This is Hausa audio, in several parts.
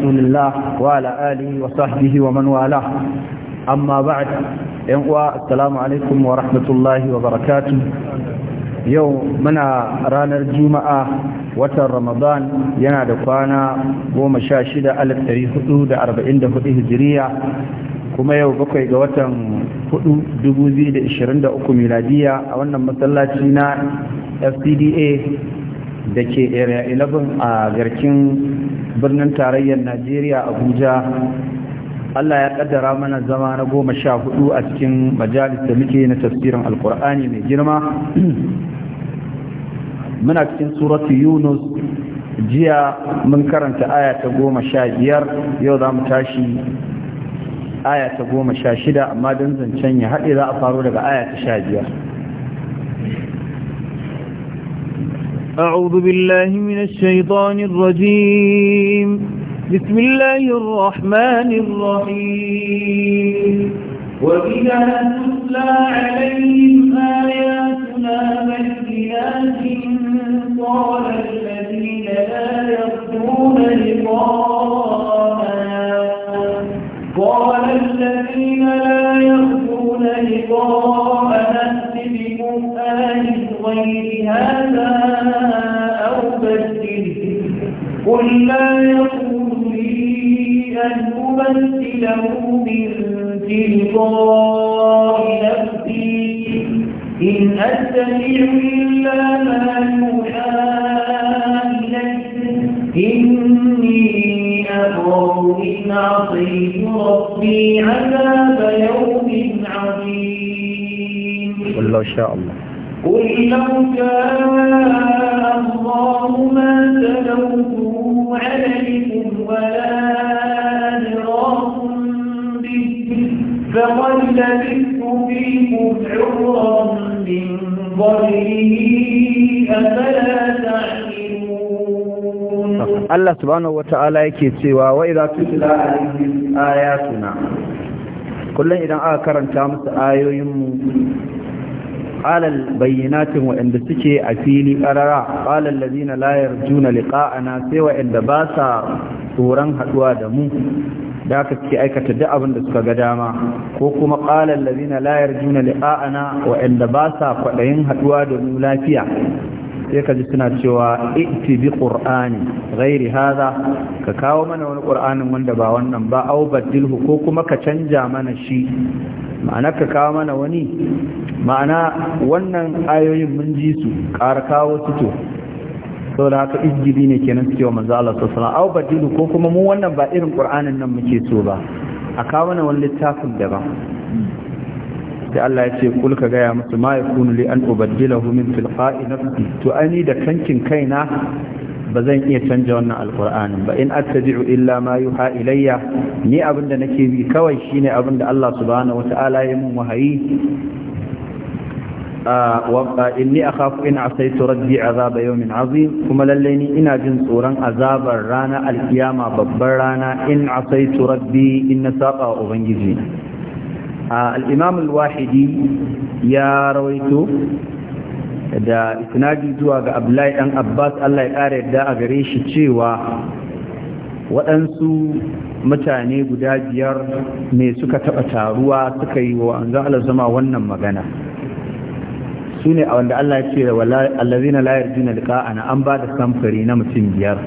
رسول الله وعلى آله وصحبه ومن والاه أما بعد ينقوى السلام عليكم ورحمة الله وبركاته يوم منا رانا الجمعة watan ramadan yana da kwana goma sha shida alif hudu da arba'in da hudu hijiriya kuma yau bakwai ga watan hudu dubu biyu da ishirin da uku miladiya a wannan masallaci na fcda da ke area 11 a garkin birnin tarayyar najeriya abuja allah ya kaddara mana zama na goma sha hudu a cikin majalis da muke na tafsirin alkur'ani mai girma muna cikin suratu yunus jiya mun karanta aya ta goma sha biyar yau za mu tashi aya ta goma sha shida amma don zancen ya haɗe za a faro daga aya ta sha biyar أعوذ بالله من الشيطان الرجيم بسم الله الرحمن الرحيم وإذا تتلى عليهم آياتنا بينات قال الذين لا يرجون لقاءنا قال الذين لا يرجون لقاءنا ائت بقرآن غير هذا قل لا يقول لي أن أمثله من تلقاء نفسي إن أتبع إلا ما يوحى إليه إني أخاف إن عصيت ربي عذاب يوم عظيم والله شاء الله قل لو شاء الله ما تلوه عليكم ولا أدراكم به فقد لبثت فيكم عرا من قبله أفلا تعقلون الله سبحانه وتعالى يكي سوى وإذا تتلى عليهم آياتنا كل idan aka karanta musu ayoyinmu alal bayyanatin waɗanda suke a fili ƙarara alal lazina layar juna liƙa'ana sai waɗanda ba sa tsoron haɗuwa da mu da aka ke aikata duk abin da suka ga dama ko kuma ƙalar lazina layar juna li'a'ana wa'anda ba sa kwaɗayin haɗuwa da mu lafiya sai ka ji suna cewa iti bi qur'ani ghairi hadha ka kawo mana wani qur'anin wanda ba wannan ba au badilhu ko kuma ka canja mana shi ma'ana ka kawo mana wani ma'ana wannan ayoyin mun ji su ƙara kawo su to saboda haka izgili ne kenan suke wa manzo Allah sallallahu alaihi au badilu ko kuma mu wannan ba irin qur'anin nan muke so ba a kawo mana wani littafin daban sai Allah ya ce kul ka gaya musu ma yakunu li an ubaddilahu min tilqa'i nafsi to ani da kankin kaina ba zan iya canja wannan alkur'anin ba in attabi'u illa ma yuha ilayya ni abinda nake bi kawai shine abinda Allah subhanahu wata'ala ya mun wahayi inni akhafu in asaitu rabbi azaba yawmin azim kuma lalle ni ina jin tsoron azabar rana alkiyama babbar rana in asaitu rabbi in na saba ubangiji al-imam al-wahidi ya rawaito da isnadi zuwa ga abdullahi dan abbas Allah ya kare yadda a gare shi cewa waɗansu mutane guda biyar me suka taɓa taruwa sukayi wa anzan Allah zama wannan magana su ne a wanda Allah ya ce allazina la yarjuna liqa'ana an ba da samfari na mutum biyar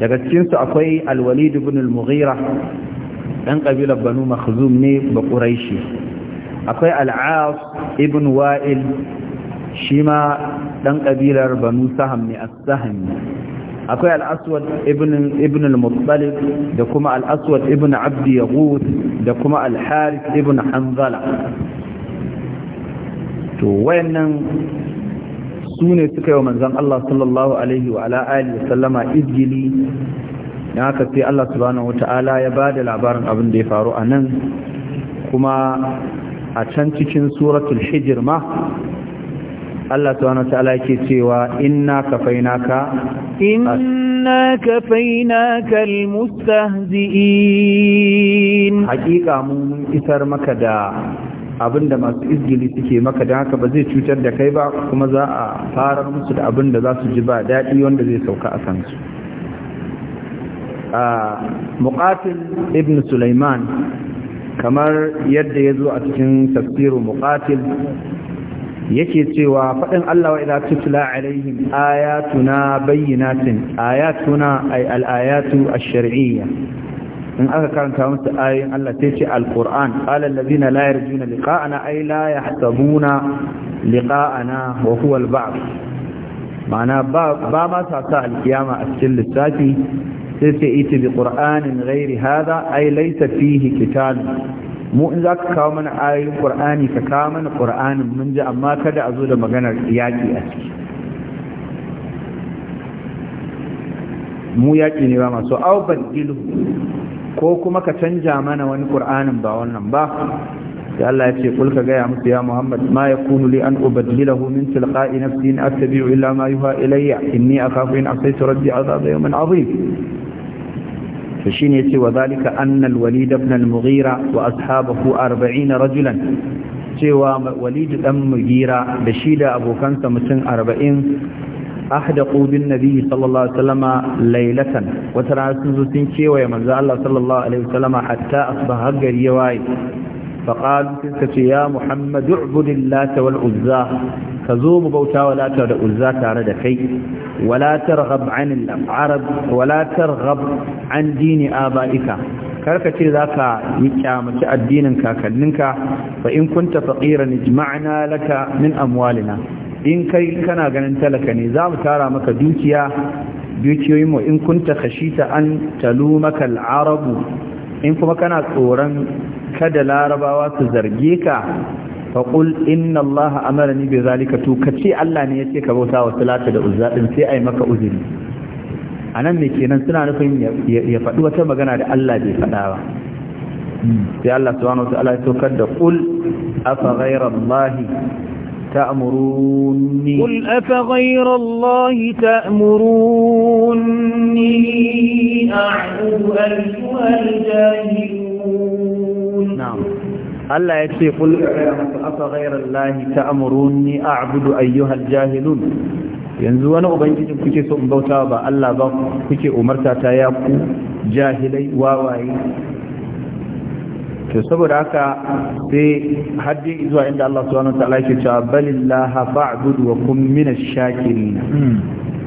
daga cikinsu akwai alwalid ibn al-mughira dan kabilar banu makhzum ne ba quraishi akwai al'as ibn wa'il shi ma dan kabilar banu saham ne a sahmi akwai alaswad ibn al-muttalib da kuma al ibn abdi yaghut da kuma al ibn hanzala to wayannan su ne suka yi wa manzon Allah sallallahu alaihi wa ala alihi izgili ya haka sai Allah subhanahu wata'ala ya ba da labarin abin da ya faru a nan kuma a can cikin suratul hijir ma Allah subhanahu wata'ala yake cewa inna kafainaka inna kafainaka almustahzi'in hakika mun isar maka da abin da masu izgili suke maka da haka ba zai cutar da kai ba kuma za a farar musu da abin da za su ji ba daɗi wanda zai sauka a kansu muqatil ibn sulaiman kamar yadda ya zo a cikin tafsirin muqatil yake cewa faɗin Allah wa idza tutla alaihim ayatuna bayyinatin ayatuna ay al-ayatu ash-shar'iyya in aka karanta musu ayoyin Allah sai ce al-Qur'an qala allazina la yarjuna liqa'ana ay la yahtabuna liqa'ana wa huwa al-ba'd ma'ana ba ma sa sa al-qiyama a cikin lissafi sai ce ita bi ƙur'anin ghairi hada ai laita fihi kitab mu in zaka kawo mana ayoyin ƙur'ani ka kawo mana qur'anin mun ji amma kada a zo da maganar yaƙi a ciki mu yaƙi ne ba masu au badilu ko kuma ka canja mana wani ƙur'anin ba wannan ba sai Allah ya ce kulka gaya musu ya Muhammad ma yakunu li an ubaddilahu min tilqa'i nafsi in attabi'u illa ma yuha ilayya inni akhafu in asaytu rabbi azab yawmin azim to shine yace wa zalika annal walid ibn al wa ashabahu 40 rajulan cewa walid dan mughira da shi da abokansa mutum 40 ahdaqu bin nabi sallallahu alaihi wasallama laylatan wata rana sun zo sun kewaye manzo Allah sallallahu alaihi wasallama hatta asbaha gari ya waye faqalu tilka ya muhammad wal uzza ka zo mu bauta wa da uzza tare da kai walatar targhab an arab wala targhab an dini abaika karka ce zaka yi kyamaci addinin kakanninka fa in kunta faqiran ijma'na laka min amwalina in kai kana ganin talaka ne za mu tara maka dukiya dukiyoyin mu in kunta khashita an talumaka al-arab in kuma kana tsoron kada larabawa su zarge ka faƙul inna Allah ni bi zalika tu ka ce Allah ne ya ce ka bauta wa talata da uzza din sai ai maka uzuri a nan ne kenan suna nufin ya faɗi wata magana da Allah bai faɗa ba sai Allah subhanahu wa ta'ala ya tokar da qul afa ghayra Allah ta'muruni qul afa ghayra Allah ta'muruni a'budu ayyuhal jahilun na'am Allah ya ce kul afa ghairal lahi a a'budu ayyuhal jahilun yanzu wani ubangiji kuke so in bauta ba Allah ba kuke umarta ta ya ku jahilai wawaye to saboda haka sai haddi zuwa inda Allah subhanahu wa ta'ala yake cewa balillaha fa'budu wa kun minash shakirin hmm.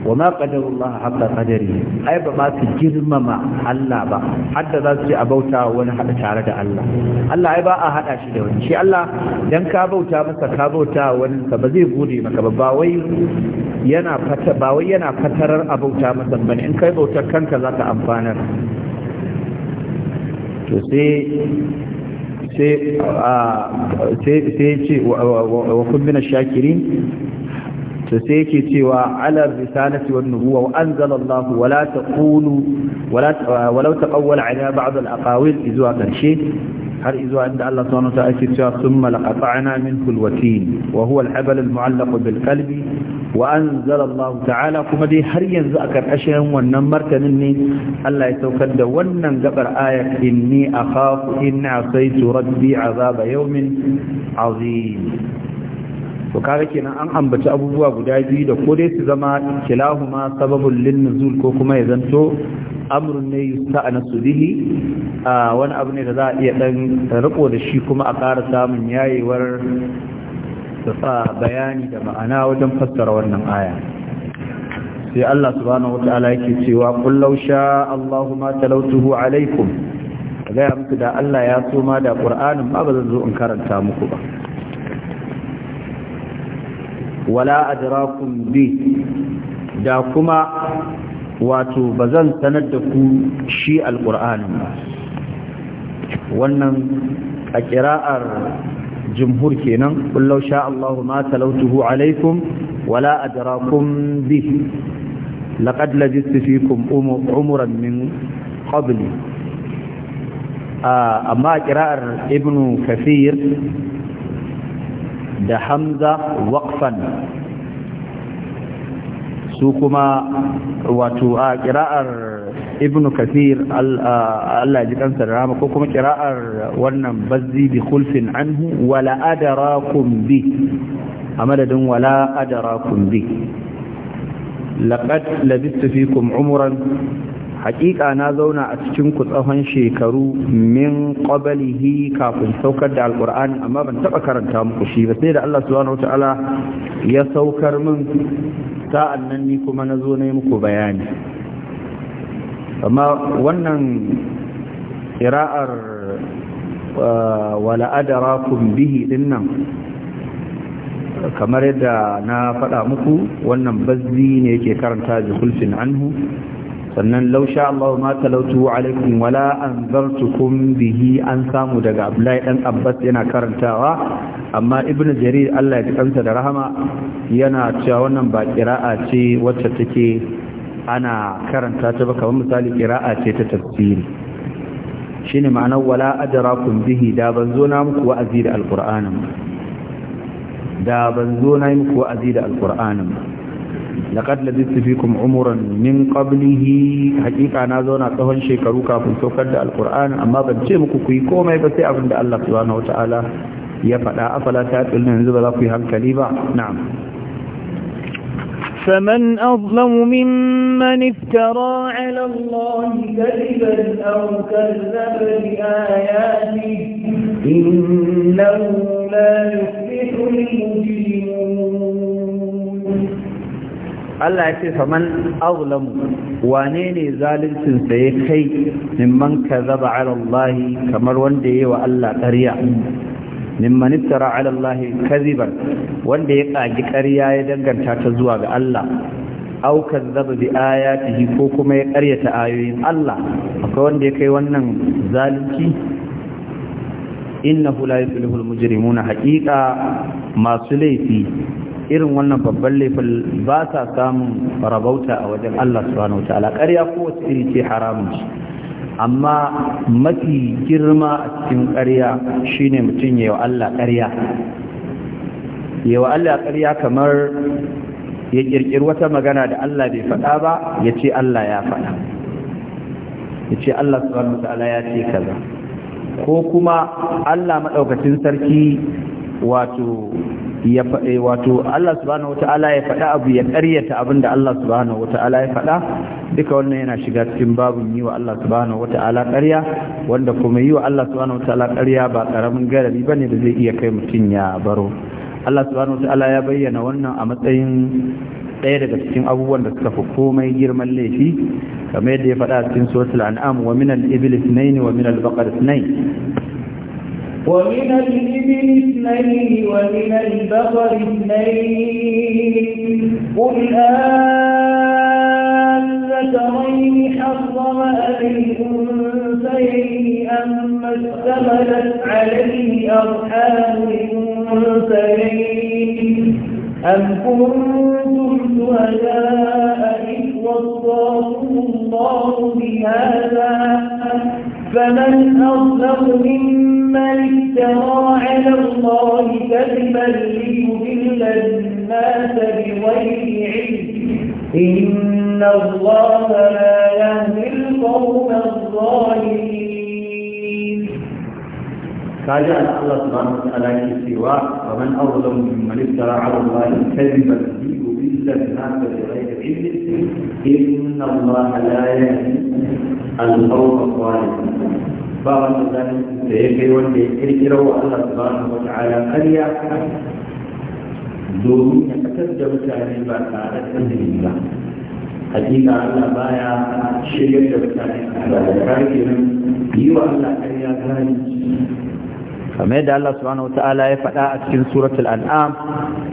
wa ma qadarullah haqqa qadari ai ba ma su girmama Allah ba hadda za su ce a bauta wani hada tare da Allah Allah ai ba a hada shi da wani shi Allah dan ka bauta masa ka bauta wani ka ba zai gode maka ba wai yana fata ba wai yana fatarar a bauta masa bane in kai bautar kanka za ka amfanar to sai sai ah, ce wa kumbina shakirin to sai yake cewa ala risalati wan nubuwa wa anzala Allah wala taqulu wala walau taqawwala ala ba'd al aqawil izwa karshe har izwa inda Allah subhanahu wa ta'ala yake cewa thumma laqata'na minhu al watin wa huwa al habal al mu'allaq bil qalbi wa anzala Allah ta'ala kuma dai har yanzu a karkashin wannan martanin ne Allah ya saukar da wannan gabar ayar inni akhafu in asaitu rabbi azaba yawmin azim to kaga kenan an ambaci abubuwa guda biyu da ko dai su zama kilahuma sababun lin nuzul ko kuma ya zanto amrun ne yusta'nasu bihi a wani abu ne da za a iya dan riko da shi kuma a ƙara samun yayewar da bayani da ma'ana wajen fassara wannan aya sai Allah subhanahu wata'ala yake cewa kullau sha Allahu ma talautuhu alaikum gaya ya muku da Allah ya so ma da Qur'anin ma ba zan zo in karanta muku ba wala adrakum bi da kuma wato ba zan sanar da ku shi alƙur'anin ba wannan a ƙira'ar jumhur kenan kullau sha Allahu ma talautuhu alaikum wala adrakum bi Laƙad lajistu fikum umuran min qabli ah, amma a ƙira'ar ibnu kafir da hamza waqfan su kuma wato a kira'ar ibn kathir Allah ji kansa da rama ko kuma ƙira'ar wannan bazzi bi khulfin anhu wala adarakum bi a madadin wala adarakum bi laqad labistu fikum umran haƙiƙa na zauna a cikin ku tsawon shekaru min qablihi kafin saukar da alqur'ani amma ban taba karanta muku shi ba sai da Allah subhanahu wataala ya saukar min sa'an nan ni kuma na zo na yi muku bayani amma wannan ƙira'ar uh, wala adrakum bihi dinnan kamar yadda na faɗa muku wannan bazzi ne yake karanta jikulfin anhu sannan lausha Allah ma talautu alaikum wala anzartukum bihi an samu daga Abdullahi dan Abbas yana karantawa amma Ibn Jarir Allah ya kansa da rahama yana cewa wannan ba qira'a ce wacce take ana karanta ta ba kamar misali qira'a ce ta tafsiri shine ma'anar wala adrakum bihi da ban zo na muku wa'azi da alqur'anin da ban zo na muku wa'azi da alqur'anin لقد لبثت فيكم عمرا من قبله حقيقة نازونا تهون شيء كروكا فنتوكد القرآن أما بجمك كي كوما يبسي عند الله سبحانه وتعالى يفعل أفلا تعقلنا نزل الله في هالكليبة نعم فمن أظلم ممن افترى على الله كذبا أو كذب بآياته إنه لا يفلح المجرمون Allah ya ce faman azlamu wane ne zaluncin sa ya kai mimman kazaba ala Allah kamar wanda yayi wa Allah ƙarya mimman iftara ala Allah kaziban wanda ya kagi ƙarya ya danganta ta zuwa ga Allah aw kazzaba bi ayatihi ko kuma ya ƙaryata ayoyin Allah akwai wanda ya kai wannan zalunci innahu la yuflihu almujrimuna haqiqa masu laifi irin wannan babban laifin ba sa samun rabauta a wajen Allah subhanahu wa ta'ala ƙarya wasu iri ce haramun shi amma mafi girma a cikin ƙarya shine mutum yawa Allah ƙarya yawa Allah ƙarya kamar ya ƙirƙiri wata magana da Allah bai faɗa ba ya ce Allah ya faɗa ya ce Allah subhanahu wa ta'ala ya ce kaza ko kuma Allah maɗaukacin sarki wato ya faɗe eh, wato Allah subhanahu wata'ala ya faɗa abu ya ƙaryata abin da Allah subhanahu wata'ala ya faɗa duka wannan yana shiga cikin babin yi wa Allah subhanahu wata'ala ƙarya wanda kuma yi wa Allah subhanahu wata'ala ƙarya ba ƙaramin garabi bane da zai iya kai mutum ya baro Allah subhanahu wata'ala ya bayyana wannan a matsayin ɗaya daga cikin abubuwan da suka fi komai girman laifi kamar yadda ya faɗa cikin suratul an'am wa minal iblis nayn wa minal baqar nayn ومن الإبل اثنين ومن البقر اثنين قل ذكرين حرم أبي الأنثيين أم اشتملت عليه أرحام الأنثيين أم كنتم شهداء إذ وصاكم الله بهذا فمن أظلم ممن افترى على الله كذبا ليضل الناس بغير علم إن الله لا يهدي القوم الظالمين فجعل الله سبحانه وتعالى سواه ومن أظلم ممن افترى على الله كذبا يضل الناس بغير علم إن الله لا يهدي القوم الظالمين بارك الله da ya kai wanda ya kirkiro wa Allah subhanahu wa ta'ala ƙarya domin ya fitar da mutane ba tare da izini ba hakika Allah baya shirya da mutane yi wa kamar yadda Allah subhanahu wata'ala ya faɗa a cikin suratul an'am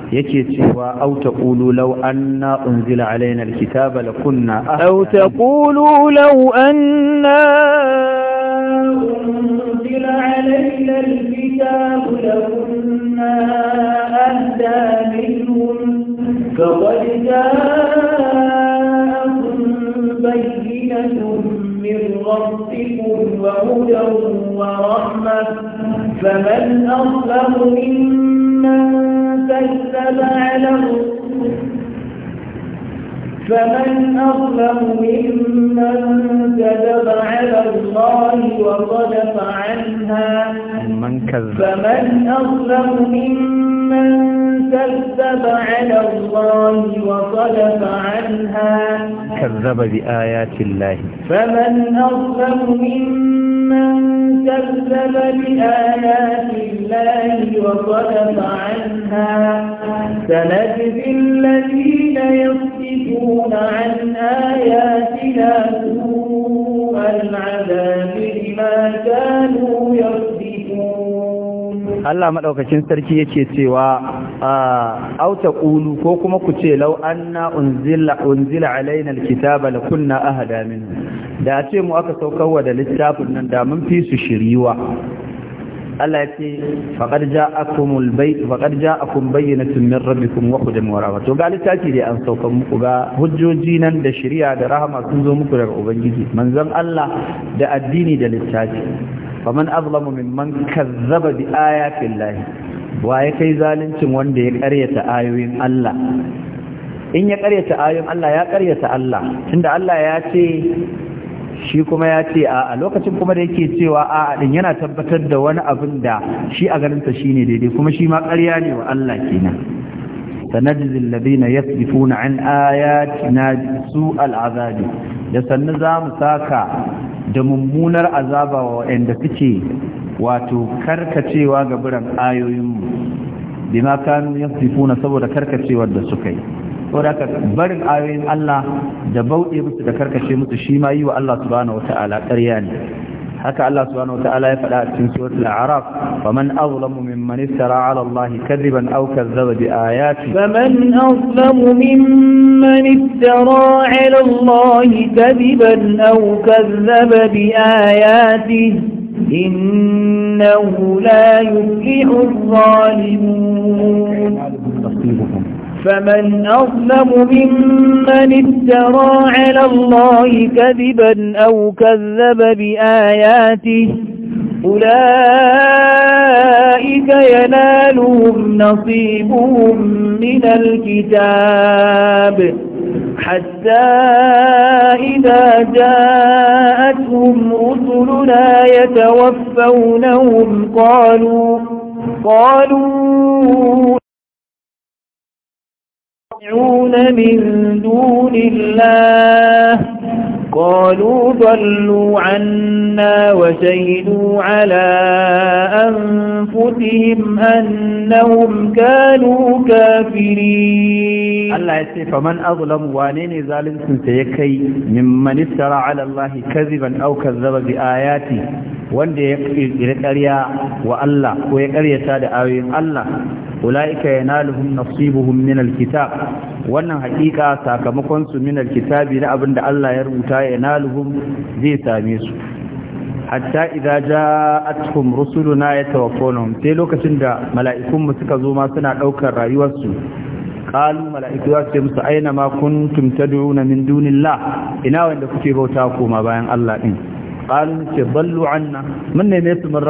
yake cewa aw taqulu law anna unzila alaina alkitaba lakunna aw taqulu law anna unzila alaina alkitaba lakunna ahda minhum faqad jaa وهدى ورحمة فمن أظلم ممن كذب على فمن أظلم ممن كذب على الله وصدف عنها فمن أظلم ممن كذب على الله وصدف عنها كذب بآيات الله فمن أظلم ممن كذب بآيات الله وصدف عنها سنجزي الذين يصدفون عن آياتنا سوء العذاب بما كانوا يصدفون Allah madaukakin sarki yake cewa Auta ƙulu ko kuma ku ce law anna unzila unzila alaina alkitaba kunna ahada min da ce mu aka wa da littafin nan da mun fi su shiriwa Allah ya ce faqad ja'akumul bayt faqad ja'akum bayyinatun min rabbikum wa hudan wa rahmah to ga littafi da an saukar muku ga hujjoji nan da shari'a da rahama sun zo muku daga ubangiji manzon Allah da addini da littafi faman azlamu mimman kazzaba bi ayatin lahi waye kai zaluncin wanda ya karyata ayoyin Allah in ya karyata ayoyin Allah ya karyata Allah tunda Allah ya ce shi kuma ya ce a lokacin kuma da yake cewa a din yana tabbatar da wani abin da shi a ganinsa shine daidai kuma shi ma karya ne wa Allah kenan sanajzi alladhina yasifuna an ayatina su azabi da sannu za mu saka da mummunar azaba wa waɗanda suke wato karkacewa ga biran ayoyinmu bima kanu yasifuna saboda karkacewar da suka yi saboda barin ayoyin Allah da bauɗe musu da karkace musu shi ma yi wa Allah subhanahu wata'ala ƙarya ne حكى الله سبحانه وتعالى فلا تنسوه العرب ومن أظلم ممن افترى على الله كذبا أو كذب بآياته فمن أظلم ممن افترى على الله كذبا أو كذب بآياته إنه لا يفلح الظالمون فمن أظلم ممن افترى على الله كذبا أو كذب بآياته أولئك ينالهم نصيبهم من الكتاب حتى إذا جاءتهم رسلنا يتوفونهم قالوا قالوا يدعون من دون الله قالوا ضلوا عنا وشهدوا على أنفسهم أنهم كانوا كافرين Allah ya ce faman azlamu wane ne zaluncin sa ya kai mimman istara ala Allah kaziban aw kazzaba bi ayati wanda ya kirkiri ƙarya wa Allah ko ya ƙaryata da ayoyin Allah ulaika yanaluhum nasibuhum min alkitab wannan hakika sakamakon su min alkitabi na abinda Allah ya rubuta yanaluhum zai same su hatta idza ja'atuhum rusuluna yatawaffunhum sai lokacin da mala'ikun mu suka zo ma suna daukar rayuwarsu qalu mala'iku za su ce aina ma kuntum tad'una min dunillah ina wanda kuke bauta koma bayan Allah din qalu ce ballu anna mun ne su mun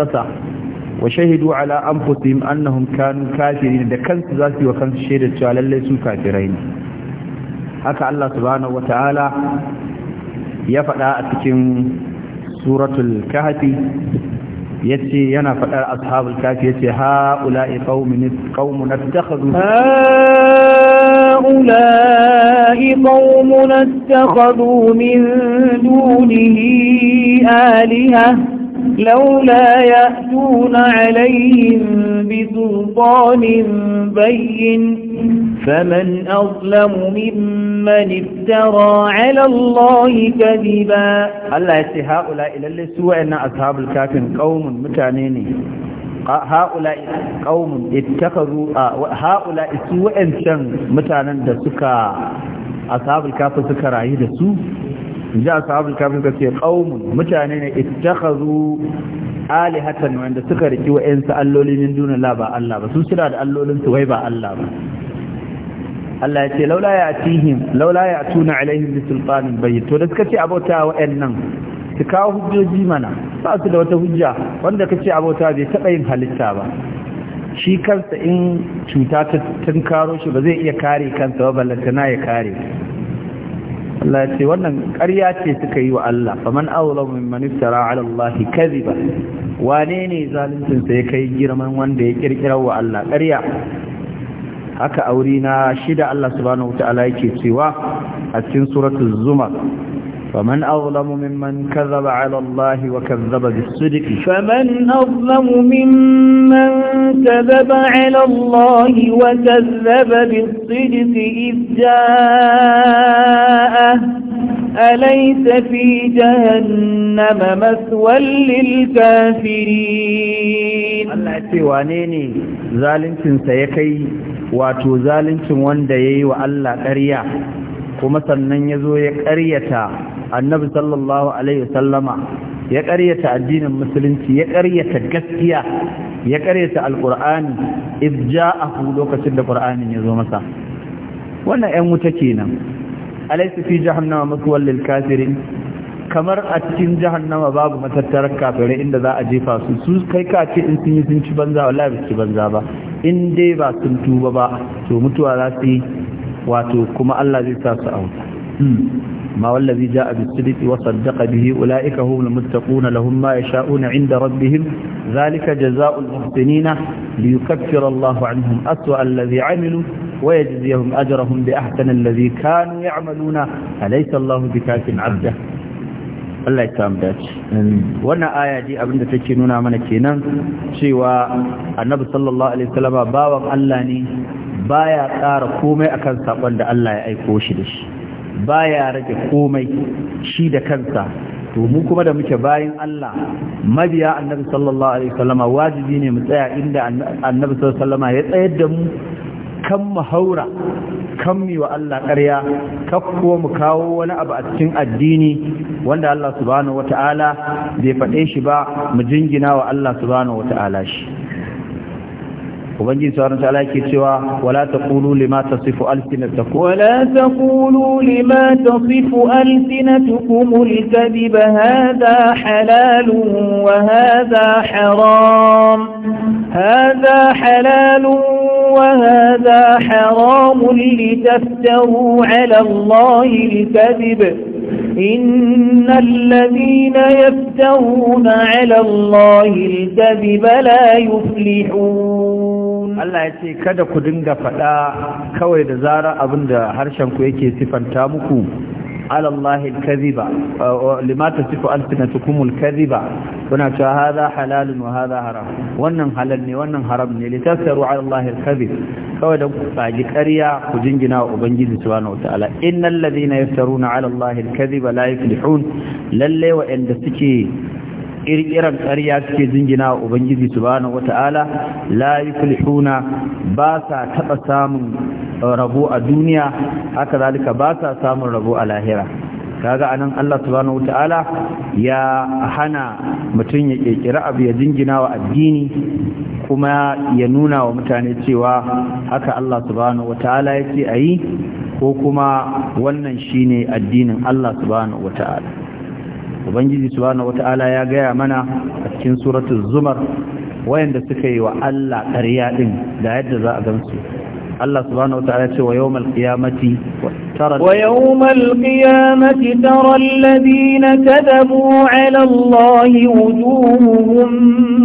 wa shahidu ala anfusihim annahum kanu kafirin da kansu za su yi wa kansu shaidar cewa lallai su kafirai ne haka Allah subhanahu wataala ya fada a cikin suratul kafi yace yana fadar ashabul kafi yace haula'i qaumun qaumun attakhadhu هؤلاء قوم اتخذوا من دونه آلهة لولا يأتون عليهم بسلطان بين فمن أظلم ممن افترى على الله كذبا الله يسي هؤلاء إلا اللي سوى أن أصحاب الكافر قوم متعنيني ha'ula'i qaumun ittakaru ha'ula'i su wa'ancan mutanen da suka ashabul kafir suka rayu da su inji ashabul kafir suka ce qaumun mutane ne ittakaru alihatan wanda suka riki wa'ansu alloli min la ba Allah ba su suna da allolin su wai ba Allah ba Allah ya ce laula ya atihim laula ya tuna alaihim bi sultanin bayyin to da suka ce abota wa'annan su kawo hujjoji mana ba su da wata hujja wanda ka ce abota bai taɓa yin halitta ba shi kansa in cuta ta tunkaro shi ba zai iya kare kansa ba na ya kare Allah ce wannan ƙarya ce suka yi wa Allah faman aula min iftara ala Allah kadhiba wane ne zaluncin sa ya kai girman wanda ya kirkira wa Allah ƙarya haka aure na shida Allah subhanahu wataala yake cewa a cikin suratul zumar فمن أظلم ممن كذب على الله وكذب بالصدق فمن أظلم ممن كذب على الله وكذب بالصدق إذ جاءه أليس في جهنم مثوى للكافرين الله يتوانيني ظالمتن سيكي واتو ظالمتن وان ديي وألا قريا kuma sannan ya zo ya ƙaryata annabi sallallahu alaihi sallama ya ƙaryata addinin musulunci ya ƙaryata gaskiya ya ƙaryata alƙur'ani if ku lokacin da ƙur'anin ya zo masa wannan 'yan wuta kenan alaysa fi jahannama maswal lil kafirin kamar a cikin jahannama babu matattarar kafirai inda za a jefa su su kai ka ce in sun yi sun ci banza wallahi ba ci banza ba in dai ba sun tuba ba to mutuwa za su yi wato kuma Allah zai sa su a wuta hmm. ما والذي جاء بالصدق وصدق به أولئك هم المتقون لهم ما يشاءون عند ربهم ذلك جزاء المحسنين ليكفر الله عنهم أسوأ الذي عملوا ويجزيهم أجرهم بأحسن الذي كانوا يعملون أليس الله بكاف عبده Allah ya samu dace wannan aya dai abinda take nuna mana kenan cewa annabi sallallahu alaihi wasallama bawan Allah ne baya ƙara komai akan sakon da Allah ya aiko shi da shi baya rage komai shi da kansa to mu kuma da muke bayin Allah mabiya annabi sallallahu alaihi wasallama wajibi ne mu tsaya inda annabi sallallahu alaihi wasallama ya tsayar da mu kan mu haura kan mu wa Allah ƙarya kakko mu kawo wani abu a cikin addini wanda Allah subhanahu wata'ala bai faɗe shi ba mu jingina wa Allah subhanahu wata'ala shi وبنجي سبحانه وتعالى كتوا ولا تقولوا لما تصف ألسنتكم ولا تقولوا لما تصف ألسنتكم الكذب هذا حلال وهذا حرام هذا حلال وهذا حرام لتفتروا على الله الكذب إن الذين يفترون على الله الكذب لا يفلحون Allah ya ce kada ku dinga faɗa kawai da zara abin da harshenku yake sifanta muku alallahi kaziba limata sifu alfinatukum alkaziba kuna cewa hadha halalun wa hadha haram wannan halal ne wannan haram ne litasaru alallahi alkazib kawai dan ku faɗi ƙarya ku jingina wa ubangiji subhanahu wataala innal ladina yaftaruna alallahi alkaziba la yuflihun lalle wa inda suke kirkiran ƙarya suke jingina wa ubangiji subhanahu wata'ala la yuflihuna ba sa taɓa samun rabo a duniya haka zalika ba sa samun rabo a lahira kaga anan Allah subhanahu wata'ala ya hana mutum ya ƙirƙira abu ya jingina wa addini kuma ya nuna wa mutane cewa haka Allah subhanahu wata'ala yake ayi ko kuma wannan shine addinin Allah subhanahu wata'ala ubangiji subhanahu wata'ala ya gaya mana a cikin suratul zumar wayanda suka yi wa Allah ƙarya din da yadda za a gamsu Allah subhanahu wata'ala ya ce wa yawmal qiyamati tara wa yawmal qiyamati tara alladhina kadabu 'ala Allahi wujuhuhum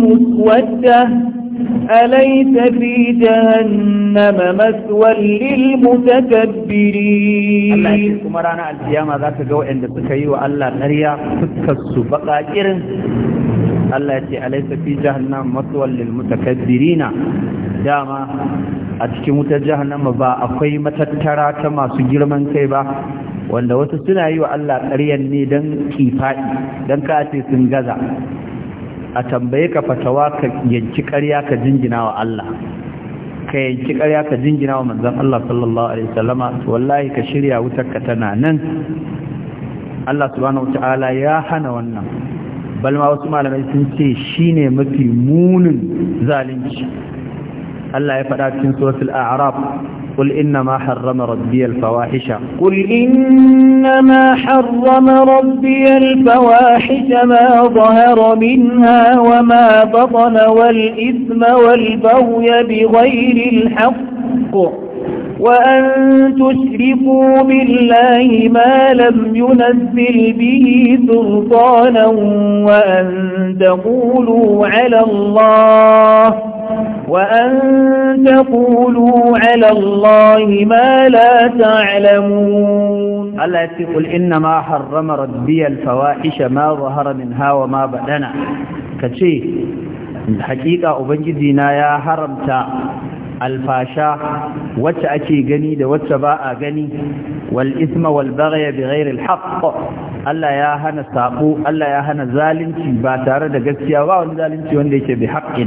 muswaddah أليس في جهنم مسوى للمتكبرين الله يشكم رانا القيامة ذات قوة عند سكي وألا غريا فكسوا فقاكر الله يتي أليس في جهنم مسوى للمتكبرين داما أتكي متجهنم بأقوي متترى كما سجر من كيبا wanda wasu suna yi wa Allah ƙaryan ne don kifaɗi don kace sun gaza a tambaye ka fatawa ka yanki ƙarya ka jingina wa Allah ka yanki ƙarya ka jingina wa manzon Allah sallallahu alaihi wasallama wallahi ka shirya wutar ka tana nan Allah subhanahu wataala ya hana wannan bal ma wasu malamai sun ce shine mafi munin zalunci Allah ya faɗa cikin suratul a'raf قل إنما حرم ربي الفواحش قل إنما حرم ربي الفواحش ما ظهر منها وما بطن والإثم والبغي بغير الحق وأن تشركوا بالله ما لم ينزل به سلطانا وأن تقولوا على الله وأن تقولوا على الله ما لا تعلمون ألا تقول إنما حرم ربي الفواحش ما ظهر منها وما بدنا كشي حقيقة أبنجدنا يا حرمتا الفاشا وتأتي جني ده وتباء جني والإثم والبغي بغير الحق ألا يا هنا ساقو ألا يا هنا ظالمتي باتارد قسيا وان ظالمتي وان ليش بحق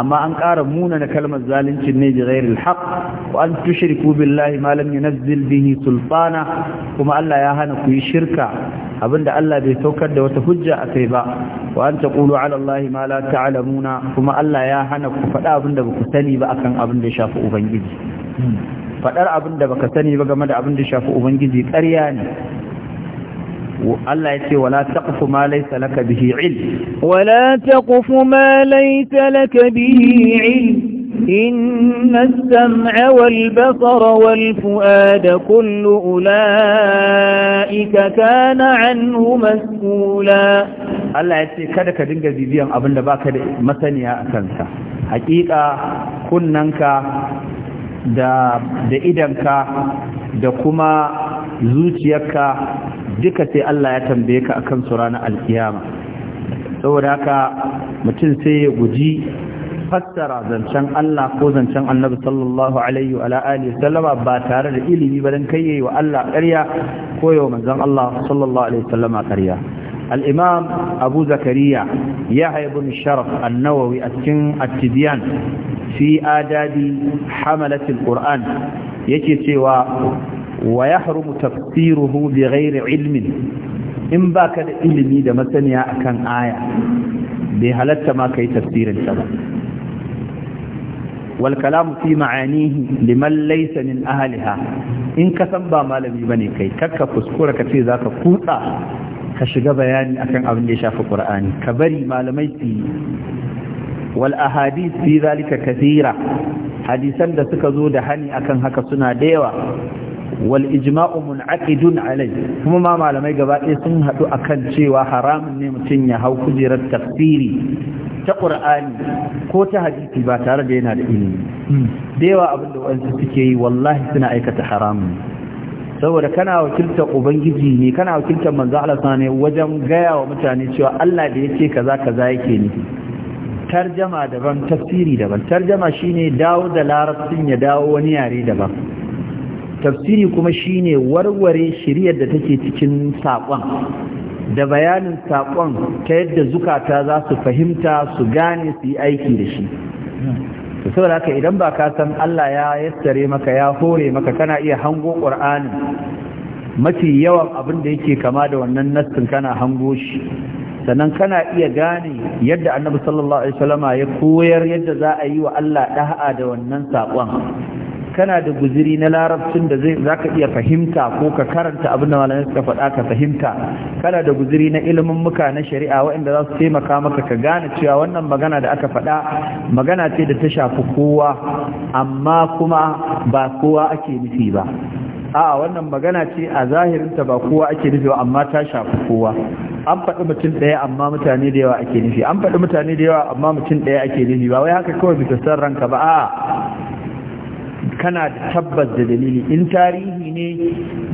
amma an ƙara muna na kalmar zalincin ne bi ghairil haqq wa an tushriku billahi ma lam yunzil bihi sultana kuma Allah ya hana ku yi shirka abinda Allah bai saukar da wata hujja akai ba wa an taqulu ala Allah ma la ta'lamuna kuma Allah ya hana ku faɗa abinda ba ku sani ba akan abin da ya shafi ubangiji faɗar abinda baka sani ba game da abin da shafi ubangiji ƙarya ne Allah ya ce wala taqfu ma laysa laka bihi ilm wala taqfu ma laysa laka bihi ilm إن السمع والبصر والفؤاد كل أولئك كان عنه Allah ya يتي kada ka dinga bibiyan abinda da baka da masaniya a kansa Haƙiƙa, kunnanka da da idanka da kuma zuciyarka duka sai Allah ya tambaye ka akan su ranar alkiyama saboda haka mutum sai ya guji fassara zancen Allah ko zancen annabi sallallahu alaihi wa alihi sallama ba tare da ilimi ba dan kai wa Allah ƙarya ko yawa manzon Allah sallallahu alaihi sallama ƙarya al-imam Abu Zakariya ya ibn Sharaf an-Nawawi a cikin at-Tibyan fi adadi hamalat al-Qur'an yake cewa wa yahrumu tafsiruhu bi ghairi ilmin in baka da ilimi da masaniya akan aya bai halatta ma kai tafsirin ta ba wal kalamu fi ma'anihi liman laysa min in ka san ba malami bane kai kakka kuskura ka ce zaka kutsa ka shiga bayani akan abin da ya shafi qur'ani ka bari malamai su wal ahadith fi zalika kathira hadisan da suka zo da hani akan haka suna da wal ijma'u mun'aqidun alai kuma ma malamai gaba ɗaya sun haɗu kan cewa haramun ne mutum ya hau kujerar tafsiri ta ƙur'ani ko ta hadisi ba tare da yana da ilimi da yawa abin da wa'ansu suke yi wallahi suna aikata haramun saboda kana wakiltar ubangiji ne kana wakiltar manzo Allah ne wajen gaya wa mutane cewa Allah da yake kaza kaza yake ne tarjama daban tafsiri daban tarjama shine dawo da larabcin ya dawo wani yare daban tafsiri kuma shine warware shiriyar da take cikin saƙon da bayanin saƙon ta yadda zukata za su fahimta su gane su yi aiki da shi to saboda haka idan ba ka san Allah ya yassare maka ya hore maka kana iya hango ƙur'anin? mafi yawan abin da yake kama da wannan nassin kana hango shi sannan kana iya gane yadda Annabi sallallahu alaihi wasallama ya koyar yadda za a yi wa Allah da'a da wannan saƙon kana da guziri na larabcin da zai zaka iya fahimta ko ka karanta abin da malamai suka faɗa ka fahimta kana da guziri na ilimin muka na shari'a waɗanda za su taimaka maka ka gane cewa wannan magana da aka faɗa magana ce da ta shafi kowa amma kuma ba kowa ake nufi ba a wannan magana ce a zahirinta ba kowa ake nufi amma ta shafi kowa an faɗi mutum ɗaya amma mutane da yawa ake nufi an faɗi mutane da yawa amma mutum ɗaya ake nufi ba wai haka kawai bisa san ranka ba a kana da tabbas da dalili in tarihi ne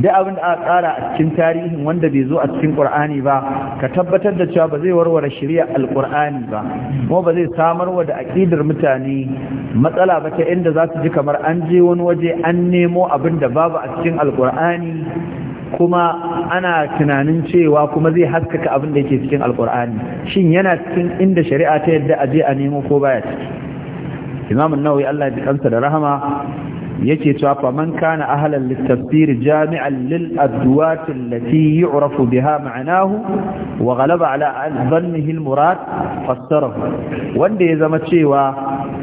da abin da aka kara a cikin tarihin wanda bai zo a cikin qur'ani ba ka tabbatar da cewa ba zai warware shari'a alqur'ani ba kuma ba zai samar wa da aqidar mutane matsala ba ta inda za su ji kamar an je wani waje an nemo abin da babu a cikin alqur'ani kuma ana tunanin cewa kuma zai haskaka abin da yake cikin alqur'ani shin yana cikin inda shari'a ta yadda a je a nemo ko baya ciki imam an Allah ya kansa da rahama yake cewa fa man kana ahlan litafsir jami'an lil adwat allati yu'rafu biha ma'anahu wa ghalaba ala dhannihi al murad fassarahu wanda ya zama cewa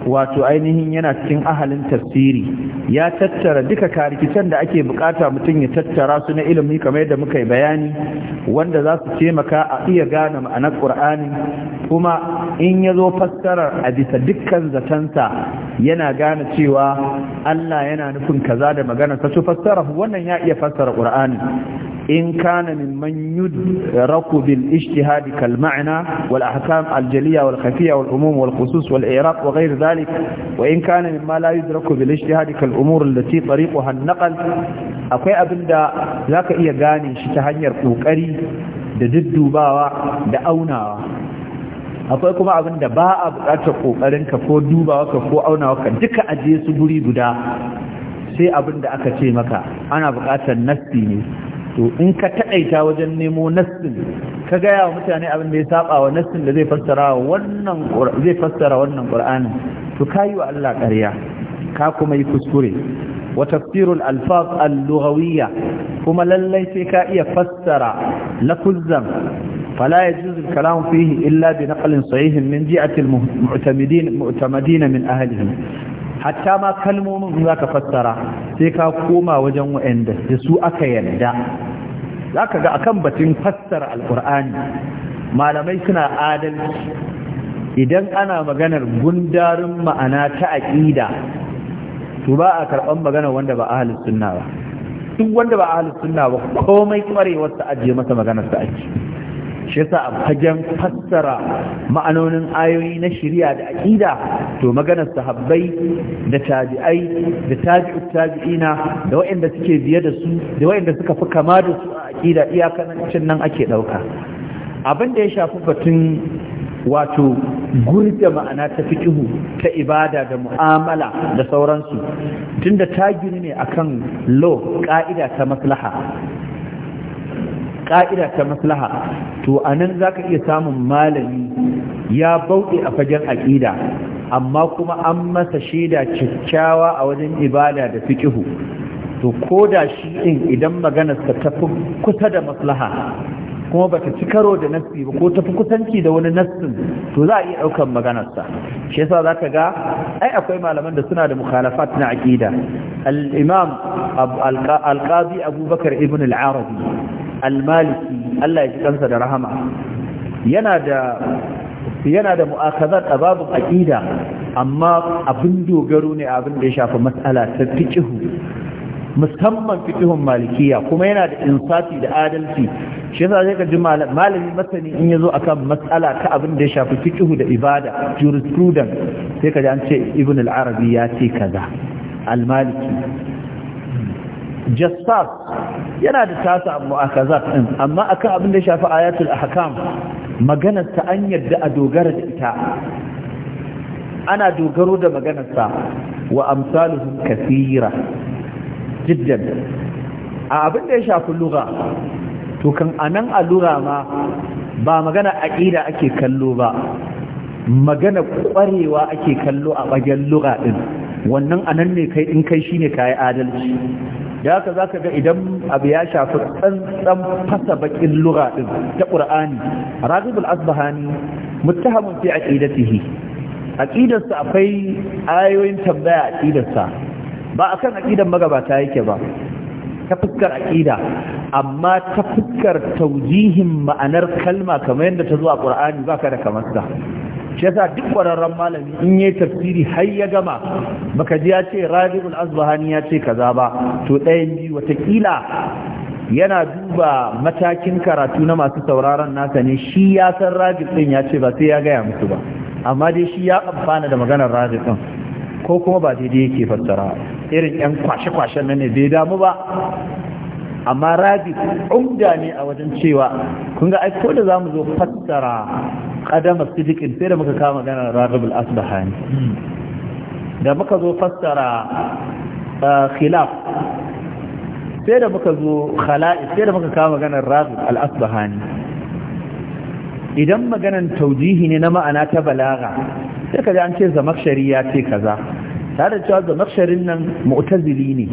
wato ainihin yana cikin ahalin tafsiri ya tattara duka karikicen da ake bukata mutum ya tattara su na ilimi kamar yadda muka yi bayani wanda za su taimaka a iya gane ma'anar qur'ani kuma in ya zo fassarar a bisa dukkan zatansa yana gane cewa Allah yana nufin kaza da magana ta su fassara wannan ya iya fassara Qur'ani in kana mimman yudraku bil ijtihad kal ma'na wal ahkam al jaliya wal khafiya wal umum wal khusus wal i'rab wa ghayr dhalik wa in kana mimma la yudraku bil ijtihad kal umur allati tariquha an naql akwai abinda zaka iya gane shi ta hanyar kokari da duddubawa da aunawa akwai kuma abin da ba a ƙoƙarin ka ko dubawa ka ko aunawa ka duka ajiye su guri guda sai abin da aka ce maka ana buƙatar nassi ne to in ka taɗaita wajen nemo nassin ka gaya wa mutane abin da ya saba wa nassin da zai fassara wannan zai fassara wannan qur'anin to wa Allah ƙarya ka kuma yi kuskure wa tafsirul alfaz al-lughawiyya kuma lallai sai ka iya fassara lafuzan فلا يجوز الكلام فيه إلا بنقل صحيح من جهة المعتمدين معتمدين من أهلهم hatta ma kalmomin za ka fassara sai ka koma wajen wa'anda da su aka yarda za ka ga akan batun fassara alkur'ani malamai suna adalci idan ana maganar gundarin ma'ana ta aƙida to ba a karɓar maganar wanda ba ahalin sunna duk wanda ba ahalin sunna ba komai kwarewarsa ajiye masa maganar sa ake shi yasa a fagen fassara ma'anonin ayoyi na shari'a da aƙida, to maganar sahabbai da tabi'ai da tabi'ut tabi'ina da waɗanda suke biye da su da waɗanda suka fi kama da su a aqida cin nan ake ɗauka. abin da ya shafi batun wato gurbe ma'ana ta fikihu ta ibada da mu'amala da sauransu tunda ta gini ne akan law ƙa'ida ta maslaha ka'ida ta maslaha to a nan za ka iya samun malami ya bauɗe a fagen aƙida amma kuma an masa shaida kyakkyawa a wajen ibada da fiƙihu to ko da shi ɗin idan maganarsa ta fi kusa da maslaha kuma ba ta ci karo da nassi ba ko ta fi kusanci da wani nassin to za a iya ɗaukar maganarsa shi yasa za ka ga ai akwai malaman da suna da mukhalafat na aƙida al-imam al-qadi abubakar ibn al-arabi Almaliki, Allah ya ji kansa da rahama yana da yana da mu'akazat a babu aqida amma abin dogaro ne abin da ya shafi mas'ala ta fiqhu musamman fiqhun malikiya kuma yana da insafi da adalci shi yasa sai ka ji malami masani in yazo akan mas'ala ta abin da ya shafi fiqhu da ibada jurisprudence sai ka an ce ibn al-arabi ya ce kaza al-maliki jassar yana da tasa mu'akazat ɗin, amma akan abin da ya shafi ayatul ahkam maganar ta an yadda a dogara da ita ana dogaro da maganar sa wa amsaluhum kafira, jiddan a abin da ya shafi lura, to kan anan a lura ma ba magana aqida ake kallo ba magana kwarewa ake kallo a bagen lura din wannan anan ne kai in kai shine kai adalci da haka za ka ga idan abu ya shafi tsantsan fasa bakin lura ɗin ta ƙur'ani ragibul asbahani muttahamun fi aqidatihi aqidarsa akwai ayoyin tambaya aqidarsa ba akan aqidar magabata yake ba ta fuskar aƙida amma ta fuskar taujihin ma'anar kalma kamar yadda ta zo a ƙur'ani ba ka da kamarsa shi yasa duk kwararren malami in yi tafsiri har ya gama baka ji ya ce rabi'ul asbahani ya ce kaza ba to ɗayan biyu watakila yana duba matakin karatu na masu sauraron nasa ne shi ya san rabi ɗin ya ce ba sai ya gaya musu ba amma dai shi ya amfana da maganar rabi ɗin ko kuma ba daidai yake fassara irin 'yan kwashe-kwashen nan ne bai damu ba amma rabi umda ne a wajen cewa kun ga ko da za mu zo fassara kadama sidikin sai da muka kama ganar ragabul asbahani da muka zo fassara uh, khilaf sai da muka zo khala'i sai da muka kama magana ragab al-asbahani idan maganan taujihi ne na ma'ana ta balaga sai ka ji an ce zamak ya ce kaza tare da cewa makasharin nan mu'tazili ne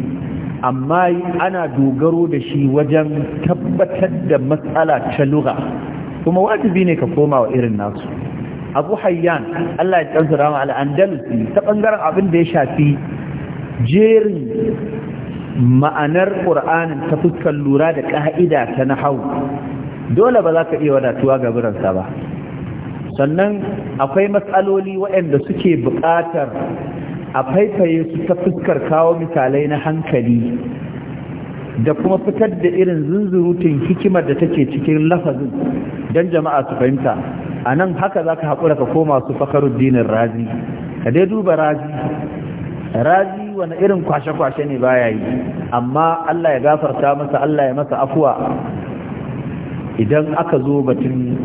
amma ana dogaro da shi wajen tabbatar da matsala ta lura kuma wajibi ne ka koma wa irin nasu abu hayyan Allah ya tsantsura ma al'andalusi ta ɓangaren abin da ya shafi jerin ma'anar ƙur'anin ta fuskar lura da ƙa'ida ta nahau dole ba za ka iya wadatuwa ga biransa ba sannan akwai matsaloli waɗanda suke buƙatar a faifaye su ta fuskar kawo misalai na hankali da kuma fitar da irin zunzurutun hikimar da take cikin lafazin don jama'a su fahimta a nan haka za ka haƙura ka koma su dinin razi ka dai duba razi razi wani irin kwashe-kwashe ne baya yi amma Allah ya gafarta masa Allah ya masa afuwa idan aka zo batun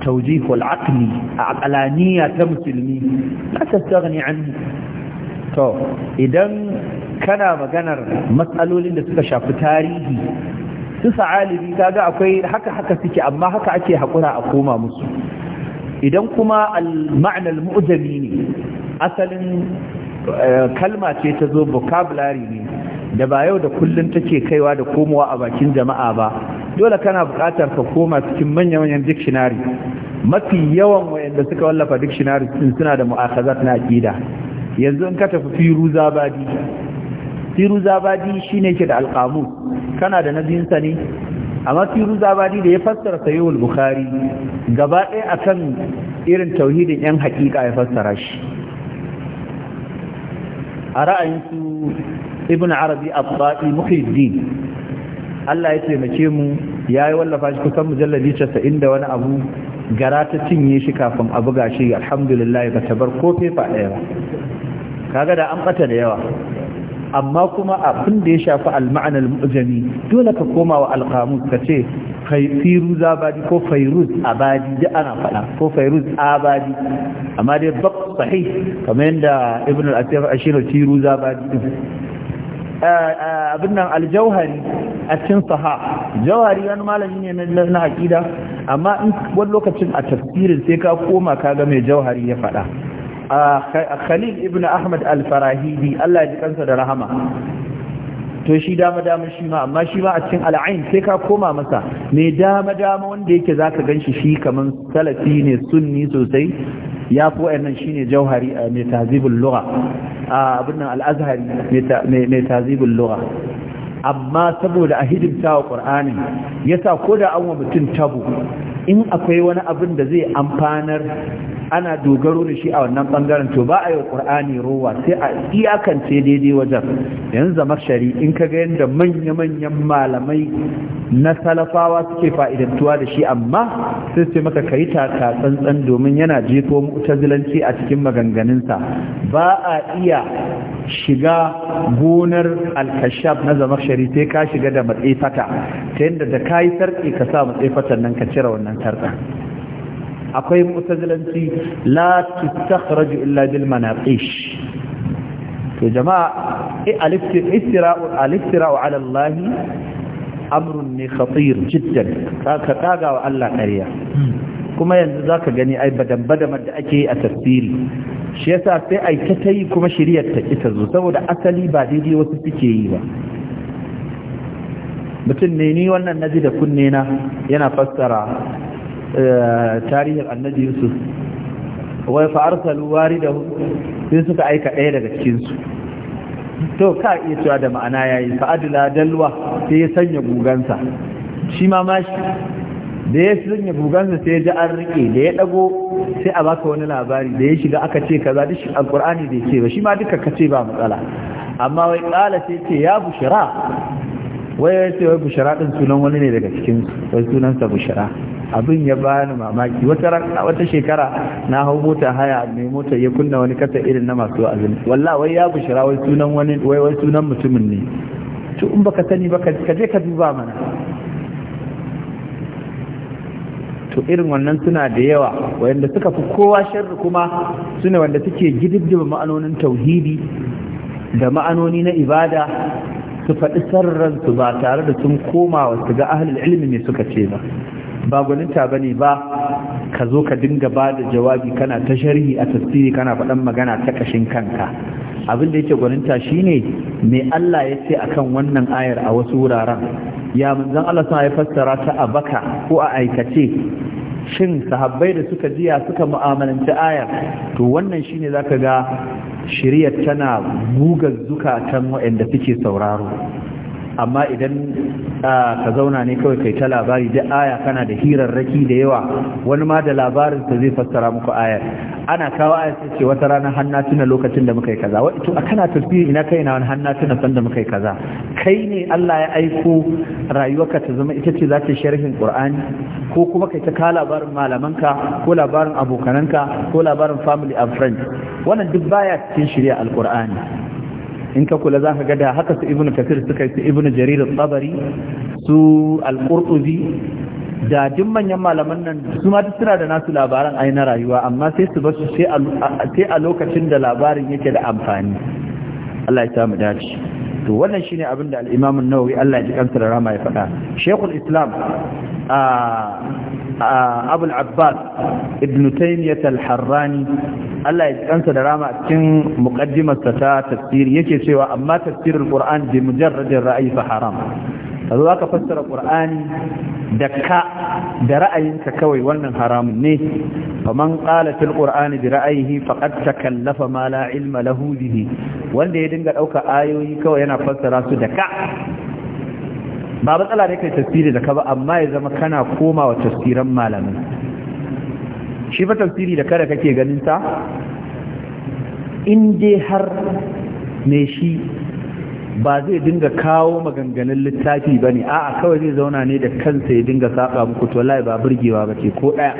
التوجيه والعقلي عقلانية تمثلني لا تستغني عنه to idan kana maganar matsalolin da suka shafi tarihi su sa'alibi kaga akwai haka haka suke amma haka ake haƙura a koma musu idan kuma al-ma'anar mu'ujami ne asalin kalma ce ta zo vocabulary ne da ba yau da kullum take kaiwa da komawa a bakin jama'a ba dole kana buƙatar ka koma cikin manya-manyan dictionary mafi yawan wayanda suka wallafa dictionary sun suna da mu'akhazat na aqida yanzu in ka tafi firu zabadi shine ke da alqamu kana da nabin sa ne amma zabadi da ya fassara al bukhari gaba ɗaya akan irin tauhidin yan haƙiƙa ya fassara shi a ra'ayin su ibn arabi abba'i muhiddin Allah ya taimake mu ya yi wallafa shi kusan mujalladi casa'in da wani abu gara ta cinye shi kafin a buga shi alhamdulillah ba ta bar ko fefa ɗaya ba kaga da an ɓata da yawa amma kuma abin da ya shafi al-ma'anar mujami dole ka koma wa alkamu ka ce fairuz abadi ko fairuz abadi da ana faɗa ko fairuz abadi amma dai bak sahih kamar yadda ibn al-asir ashiru tiruz abadi abin nan aljauhari a cikin saha jauhari wani malami ne na haƙida, amma in wani lokacin a tafsirin sai ka koma ka ga mai jauhari ya faɗa khalil ibn ahmad al-farahidi Allah ya ji kansa da rahama to shi dama dama shi ma amma shi ma a cikin al'ain sai ka koma masa me dama dama wanda yake zaka ganshi shi kaman salafi ne sunni sosai ya fi wa'annan ne jauhari mai tazibin lura, a abin nan al mai tazibin lura amma saboda a hidimta wa qur'ani yasa ko da an wa mutum tabo. in akwai wani abin da zai amfanar ana dogaro da shi a wannan bangaren to ba a yi qur'ani rowa sai a iyakance daidai wajen yanzu zamar shari in ka ga yadda manya-manyan malamai na salafawa suke fa'idantuwa da shi amma sai sai maka kai taka tsantsan domin yana jefo mu'tazilanci a cikin maganganunsa ba a iya shiga gonar alkashaf na zamar shari sai ka shiga da matsefata ta yadda da yi sarki ka sa matsefatan nan ka cire wannan tarda akwai mutazilanci la tastakhraju illa bil manaqish to jama'a al-iftira'u al-iftira'u 'ala Allah amrun ne khatir jiddan ka kaga wa Allah ƙarya kuma yanzu zaka gani ai badan badamar da ake yi a tafsiri shi yasa sai ai ta yi kuma shiriyar ta ita zo saboda asali ba daidai wasu suke yi ba mutum ne ni wannan naji da kunne na yana fassara eh, tarihin annabi yusuf wai fa arsalu da sai suka aika ɗaya daga cikinsu. su to ka iya cewa da ma'ana yayi fa adla dalwa sai ya sanya gugansa shi ma mashi da ya sanya gugansa sai ya ji an rike da ya dago sai a baka wani labari da ya shiga aka ce kaza duk alqur'ani da yake ba shi ma duka kace ba matsala amma wai kala sai ce ya bushra wai ya ce wai bushara din sunan wani ne daga cikin wai sunansa bushara abin ya bani mamaki wata wata shekara na hau mota haya mai mota ya kunna wani kasa irin na masu azumi. wallah wai ya bushara wai sunan wani wai wai sunan mutumin ne to in baka sani ba ka je ka duba mana to irin wannan suna da yawa wanda suka fi kowa sharri kuma sune wanda suke gididdiba ma'anonin tauhidi da ma'anoni na ibada su faɗi sarransu ba tare da sun koma wa su ga ahalin ilimi ne suka ce ba ba gwaninta ba ne ba ka zo ka dinga ba da jawabi kana ta sharhi a tasiri kana faɗan magana ta ƙashin kanka abin da yake gwaninta shine mai Allah ya ce akan wannan ayar a wasu wuraren ya manzon Allah suna ya fassara ta a baka ko a aikace shin sahabbai da suka jiya suka mu'amalanci ayar to wannan shine zaka ga shiriyar tana buga zukatan waɗanda suke sauraro amma idan ka zauna ne kawai kai ta labari da aya kana da hirarraki da yawa wani ma da labarin ta zai fassara muku ayar ana kawo ayar sai ce wata rana hannu tuna lokacin da muka yi kaza wato to kana tasbihi ina kai na wani hannu tuna san da muka yi kaza kai ne Allah ya aiko rayuwarka ta zama ita ce za ta sharhin Qur'ani ko kuma kai ta kawo labarin malamanka ko labarin abokananka ko labarin family and friends wannan duk baya cikin shari'a alqur'ani in ka kula za ka ga da haka su ibnu kafir suka yi su ibnu jarir tsabari su al-qurtubi da duk manyan malaman nan su ma suna da nasu labaran ai na rayuwa amma sai su basu sai a lokacin da labarin yake da amfani Allah ya samu dace to wannan shine abin da al-Imam an-Nawawi Allah ya ji kansa da rama ya faɗa Sheikhul Islam a abul abbas ibn taymiyat al-harrani Allah ya kansa da rama cikin muqaddimarsa ta tafsiri yake cewa amma tafsirin qur'an bi mujarradin ra'ayi fa haram kazo ka fassara qur'ani da ka da ra'ayinka kawai wannan haramun ne faman qala fil qur'ani bi ra'ayihi faqad takallafa ma la ilma lahu bihi wanda ya dinga ɗauka ayoyi kawai yana fassara su da ka ba matsala ne kai tafsiri da ka ba amma ya zama kana koma wa tafsiran malamin shi fa tafsiri da kada kake ganin ta in dai har me shi ba zai dinga kawo maganganun littafi ba ne a'a kawai zai zauna ne da kansa ya dinga saba muku to lai ba burgewa ba ce ko ɗaya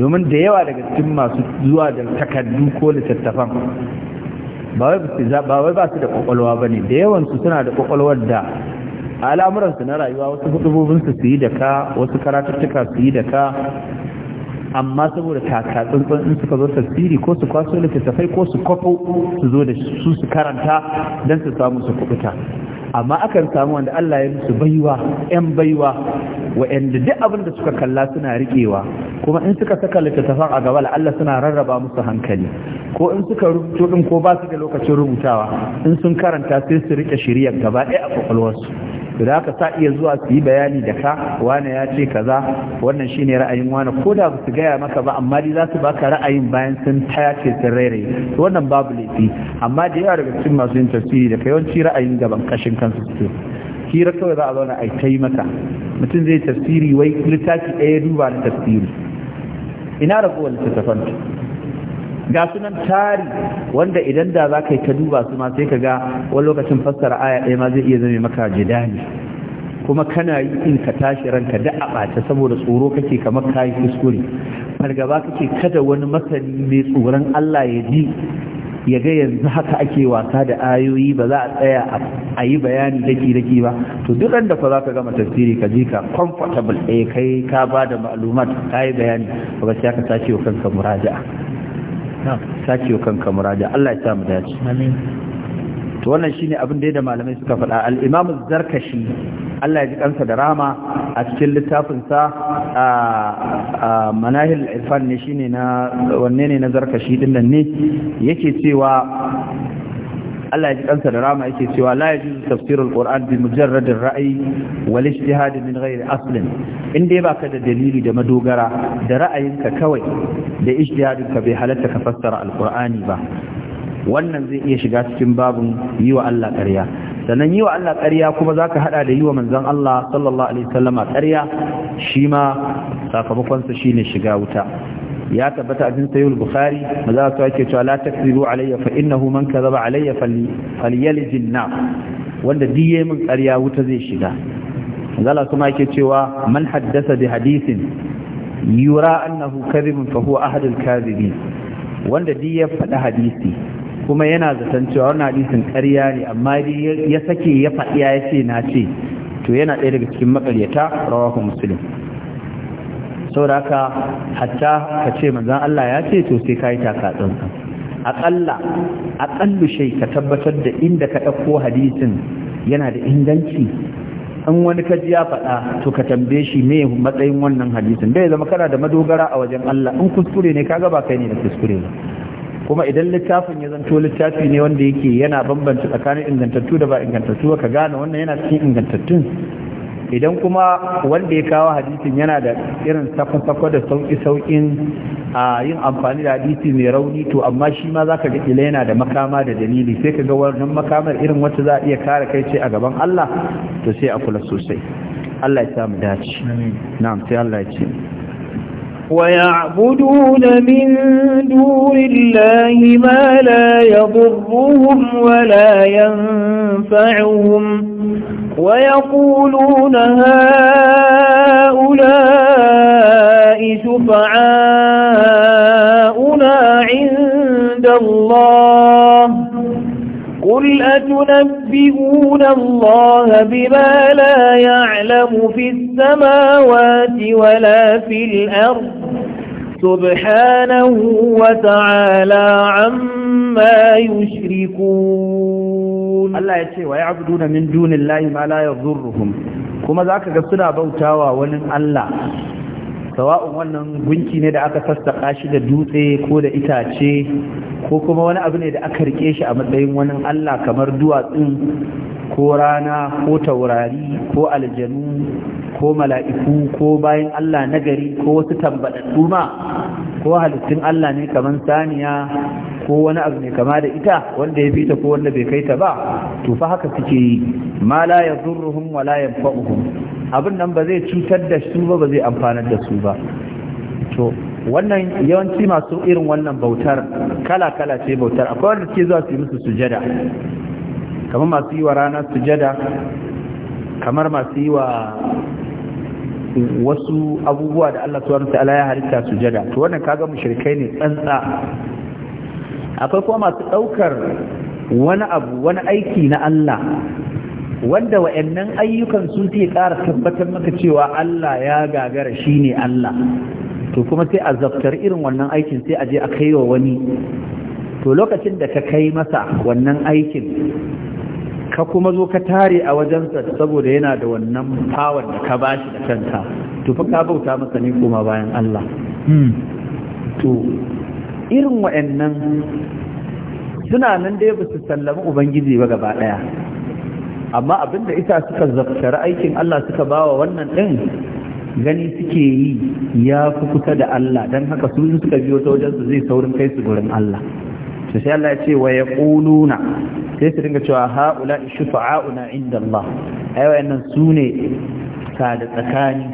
domin da yawa daga cikin masu zuwa da takardu ko littattafan ba wai ba su da kwakwalwa ba ne da yawansu suna da kwakwalwar da a al'amuransu na rayuwa wasu hudubobinsu su yi da ka wasu karatattuka su yi da ka amma saboda taka tsantsan in suka zo tafsiri ko su kwaso littattafai ko su kwafo su zo da su su karanta don su samu su kubuta amma akan samu wanda Allah ya musu baiwa yan baiwa wa'anda duk abin da suka kalla suna riƙewa kuma in suka saka littattafan a gaba Allah suna rarraba musu hankali ko in suka rubuto din ko ba su da lokacin rubutawa in sun karanta sai su riƙe shirya gaba ɗaya a kwakwalwarsu to da sa iya zuwa su yi bayani da ka wane ya ce kaza wannan shine ra'ayin wane ko da su gaya maka ba amma dai za su baka ra'ayin bayan sun taya ce sun rairaye wannan babu laifi amma da yawa daga cikin masu yin tafsiri da yawanci ra'ayin gaban kashin kansu su hira kawai za a zauna a ta yi maka mutum zai tafsiri wai littafi ɗaya duba na tafsiri ina ragowar littattafan ga sunan tari wanda idan da za ka yi ta duba su ma sai ka ga wani lokacin fassara aya ɗaya ma zai iya zame maka jidali kuma kana yi in ka tashi ranka da a ɓata saboda tsoro kake kamar yi kuskure fargaba kake kada wani masani mai tsoron Allah ya ji ya ga yanzu haka ake wasa da ayoyi ba za a tsaya a yi bayani daki-daki ba to duk da fa za ka gama tafsiri ka ji ka comfortable eh kai ka ba da ma'lumat ka yi bayani ba sai ka tashi wa kanka muraja'a sakewa kanka murada Allah ya sa mu dace to wannan shine abin da da malamai suka faɗa al-Imam zarkashi Allah ya ji kansa da rahama a cikin littafin sa a Manahil Irfan ne shine na wanne ne na Zarkashi din nan ne yake cewa Allah ya ji kansa da rama yake cewa la yajuzu tafsirul qur'an bi mujarradir ra'yi wal ijtihad min ghairi aslin in dai baka da dalili da madogara da ra'ayinka kawai da ijtihadinka bai halatta ka fassara alqur'ani ba wannan zai iya shiga cikin babin yi wa Allah ƙarya sannan yi wa Allah ƙarya kuma za ka haɗa da yi wa manzan Allah sallallahu Alaihi wasallama ƙarya shi ma sakamakonsa shi ne shiga wuta ya tabbata a cikin sayyid bukhari maza su ake cewa la takzibu alayya fa innahu man kazaba alayya falyalijin na wanda diye min karya wuta zai shiga zala kuma yake cewa man haddasa bi hadisin yura annahu kadhibun fa huwa ahadul kadhibin wanda di ya faɗi hadisi kuma yana zaton cewa wannan hadisin ƙarya ne amma ya sake ya faɗi ya ce na ce to yana ɗaya daga cikin maƙaryata rawahu muslim saboda haka hatta ka ce manzan Allah ya ce to sai ka yi takatsansa aƙalla aƙallu shai ka tabbatar da inda ka ɗauko hadisin yana da inganci in wani kaji ya faɗa to ka tambaye shi me matsayin wannan hadisin bai zama kana da madogara a wajen Allah in kuskure ne kaga ba kai ne da kuskure ba kuma idan littafin ya zanto littafi ne wanda yake yana bambanta tsakanin ingantattu da ba ingantattu ka gane wannan yana cikin ingantattun idan kuma wanda ya kawo hadisin yana da irin sakon-sakon da sauƙi-sauƙin a yin amfani da hadisi mai rauni to amma shi ma za ka ga ila yana da makama da dalili sai ka ga wannan makamar irin wacce za a iya kare kai ce a gaban Allah to sai a kula sosai Allah ya samu dace na'am sai Allah ya ce ويعبدون من دون الله ما لا يضرهم ولا ينفعهم ويقولون هؤلاء شفعاؤنا عند الله قل أتنبئون الله بما لا يعلم في السماوات ولا في الأرض سبحانه وتعالى عما يشركون الله يتشي ويعبدون من دون الله ما لا يضرهم كما ذاك قصنا بوتاوا ولن الله sawa'un wannan gunki ne da aka sassaka shi da dutse ko da itace ko kuma wani abu ne da aka rike shi a matsayin wani Allah kamar duwatsun ko rana ko taurari ko aljanu ko mala'iku ko bayan Allah nagari ko wasu tambadattu ma ko halittun Allah ne kamar saniya ko wani abu ne kama da ita wanda ya fi ta ko wanda bai kai ta ba to fa haka suke yi ma la yadurruhum wa la yanfa'uhum abin nan ba zai cutar da su ba ba zai amfanar da su ba to wannan yawanci masu irin wannan bautar kala-kala ce bautar akwai wanda ke zuwa su yi musu sujada kamar masu yi wa rana sujada kamar masu yi wa wasu abubuwa da Allah subhanahu ta'ala ya halitta sujada to wannan kaga mushrikai ne tsantsa akwai kuma masu ɗaukar wani abu wani aiki na Allah wanda wa'yannan ayyukan sun ke ƙara tabbatar maka cewa Allah ya gagara shine Allah to kuma sai a zaftar irin wannan aikin sai a je a kai wa wani to lokacin da ka kai masa wannan aikin ka kuma zo ka tare a wajensa saboda yana da wannan power da ka bashi da kanka to fa ka bauta masa ne kuma bayan Allah hmm. to irin wa'annan suna nan dai ba su sallami ubangiji ba gaba daya amma abinda ita suka zaftar aikin Allah suka bawa wannan din gani suke yi ya fi kusa da Allah don haka su suka biyo ta wajen su zai saurin kai su gurin Allah to sai Allah ya ce wa yaquluna sai su dinga cewa haula shufa'auna inda Allah ai wayannan sune ta da tsakani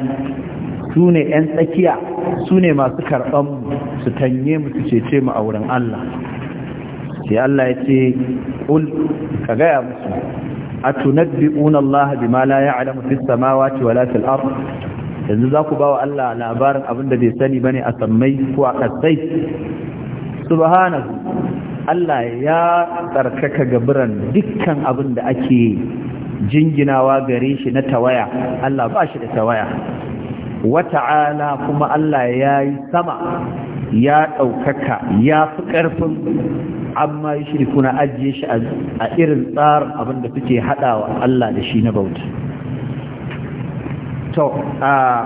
sune yan tsakiya sune masu karban su tanye mu su cece mu a wurin Allah sai Allah ya ce ul ka gaya musu atunabbi'una Allah bima la ya'lamu fis samawati wala fil ard yanzu za ku ba wa Allah labarin abin da bai sani ba ne a sammai ko a ƙasai subhanahu Allah ya tsarkaka gaburan dukkan abin da ake jinginawa gare shi na tawaya Allah ba shi da tawaya wata'ala kuma Allah ya yi sama ya ɗaukaka ya fi ƙarfin amma yi shirku na ajiye shi a irin tsarin abin da suke haɗawa Allah da shi na bauta to a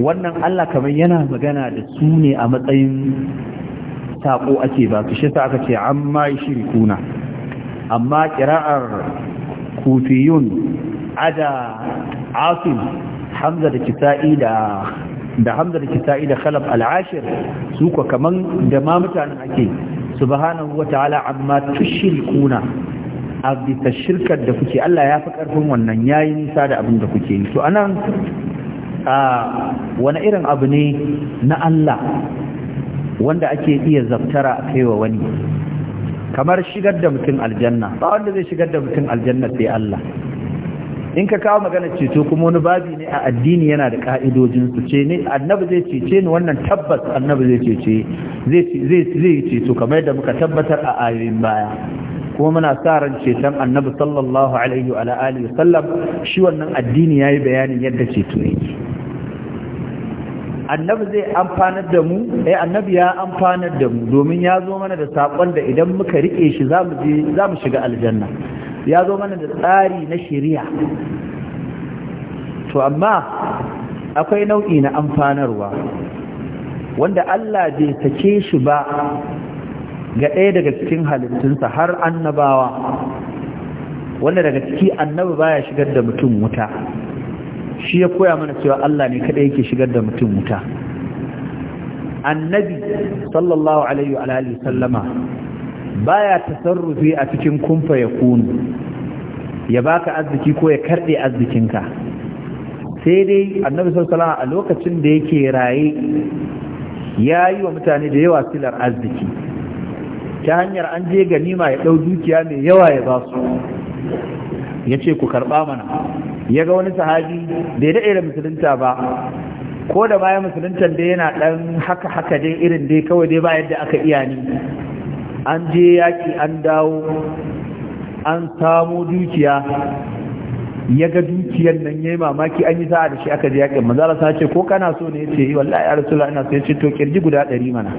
wannan Allah kamar yana magana da su ne a matsayin saƙo ake ba su shi sa aka ce amma kuna. amma kira'ar kufiyun ada asim hamza da kisa'i da da hamza da kisa'i da khalaf al-ashir su ko kaman da ma mutanen ake subhanahu wataala amma tushrikuna a bisa shirkar da kuke Allah ya fi ƙarfin wannan ya yi nisa da abin da kuke yi to anan wani irin abu ne na Allah wanda ake iya zaftara a kaiwa wani kamar shigar da mutum aljanna ba wanda zai shigar da mutum aljanna sai Allah in ka kawo magana ceto kuma wani babi ne a addini yana da ka'idojin su ce ne annabi zai cece ni wannan tabbas annabi zai cece zai zai ceto kamar yadda muka tabbatar a ayoyin baya kuma muna sa ran ceton annabi sallallahu alaihi wa alihi sallam shi wannan addini yayi bayanin yadda ceto yake annabi zai amfanar da mu eh annabi ya amfanar da mu domin ya zo mana da sakon da idan muka rike shi zamu je zamu shiga aljanna ya zo mana da tsari na shari'a to amma akwai nau'i na amfanarwa wanda Allah bai sake shi ba ga ɗaya daga cikin halittunsa har annabawa wanda daga ciki annabi baya shigar da mutum wuta shi ya koya mana cewa Allah ne kaɗai yake shigar da mutum wuta annabi sallallahu alaihi wa alihi sallama baya tasarrufi a cikin kumfa ya kunu ya baka arziki ko ya karɗe arzikinka sai dai annabi sallallahu alaihi a lokacin da yake raye ya yi wa mutane da yawa silar arziki ta hanyar an je ma ya ɗau dukiya mai yawa ya ba su ya ce ku karɓa mana ya ga wani sahabi bai daɗe da musulunta ba ko da baya musuluntan da yana ɗan haka haka dai irin dai kawai dai ba yadda aka iya ni an je yaƙi an dawo an samo dukiya ya ga dukiyar nan ya yi mamaki an yi sa'a da shi aka je yaƙin manzala sa ce ko kana so ne ya ce eh, wallahi ya rasu la'ina sai ya ce to kirji guda ɗari mana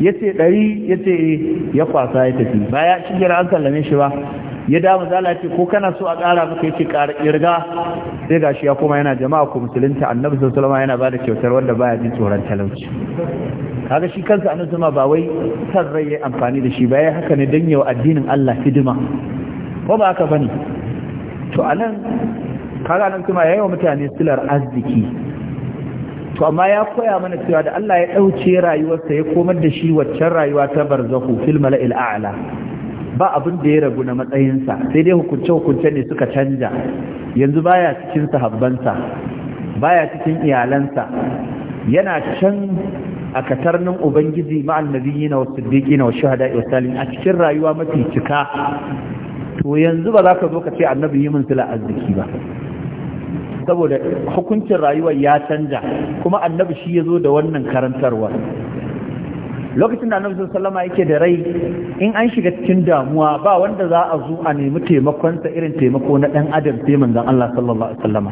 ya ce ɗari ya ce eh, ya kwasa ya tafi ba ya ci gira an sallame shi ba ya damu zala ce ko kana so a kara maka ya ce ƙara sai ga shi ya koma yana jama'a ko musulunta annabi sallama yana ba da kyautar wanda baya jin tsoron talauci kaga shi kansa annabi sallama ba wai san rai ya amfani da shi ba ya haka ne dan yau addinin Allah hidima ko ba haka bane to anan kaga annabi sallama yayi wa mutane silar arziki to amma ya koya mana cewa da Allah ya ɗauke rayuwarsa ya komar da shi waccan rayuwa ta barzahu fil mala'il a'la ba abin da ya ragu na matsayinsa sai dai hukunce hukunce ne suka canja yanzu baya cikin sahabbansa baya cikin iyalansa yana can a katarnin ubangiji ma'al nabiyina wa siddiqina wa shuhada wa salin a cikin rayuwa mafi cika to yanzu ba za ka zo ka ce annabi yi min sila arziki ba saboda hukuncin rayuwar ya canja kuma annabi shi ya zo da wannan karantarwa lokacin da annabi sallama yake da rai in an shiga cikin damuwa ba wanda za a zo a nemi taimakonsa irin taimako na ɗan adam sai manzon Allah sallallahu alaihi wasallama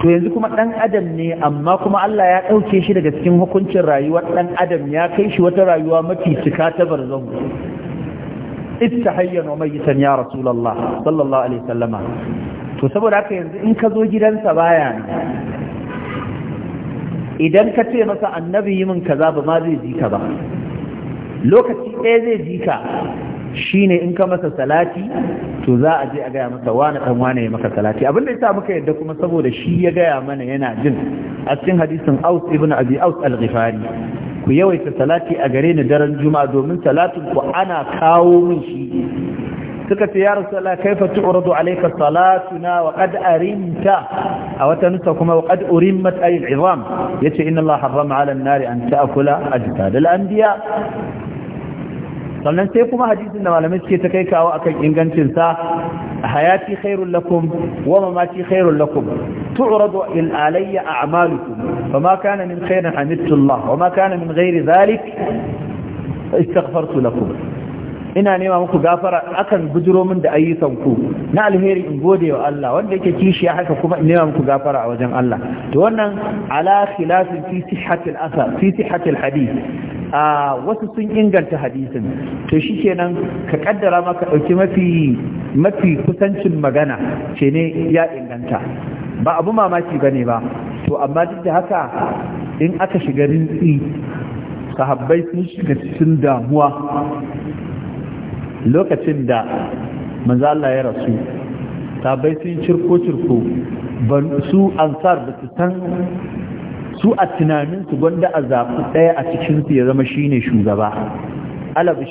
to yanzu kuma ɗan adam ne amma kuma Allah ya ɗauke shi daga cikin hukuncin rayuwar ɗan adam ya kai shi wata rayuwa mafi cika ta barzahu istahayyan wa mayyitan ya rasulullah sallallahu alaihi wasallama to saboda haka yanzu in ka zo gidansa baya ne idan ka ce masa annabi yi min kaza ba ma zai ji ka ba lokaci ɗaya zai ji ka shi ne in ka masa salati to za a je a gaya masa wane ɗan wane ya maka salati abin da sa muka yadda kuma saboda shi ya gaya mana yana jin a cikin hadisin Aus ibn Abi Aus al-Ghifari ku yawaita salati a gare ni daren juma'a domin salatin ku ana kawo min shi سكت يا رسول الله كيف تعرض عليك صلاتنا وقد أرمت أو تنسكما وقد أرمت أي العظام يتي إن الله حرم على النار أن تأكل أجداد الأنبياء صلنا نسيكما حديثنا ولم يتكيك أو أكي إنغان تنسى حياتي خير لكم ومماتي خير لكم تعرض علي أعمالكم فما كان من خير حمدت الله وما كان من غير ذلك استغفرت لكم ina nema muku gafara akan bujiro min da ayyukan ku na alheri in gode wa Allah wanda yake kishi ya haka kuma in nema muku gafara a wajen Allah to wannan ala khilafin fi sihhatil asar fi sihhatil hadith a wasu sun inganta hadisin to shikenan ka kaddara ma ka dauki mafi mafi kusancin magana ce ne ya inganta ba abu mamaki bane ba to amma duk da haka in aka shiga rintsi sahabbai sun shiga cikin damuwa lokacin da manzo Allah ya rasu tabai sun cirko cirko ban su ansar da su san su a tunaninsu gwanda a zaɓi ɗaya a cikinsu ya zama shine shugaba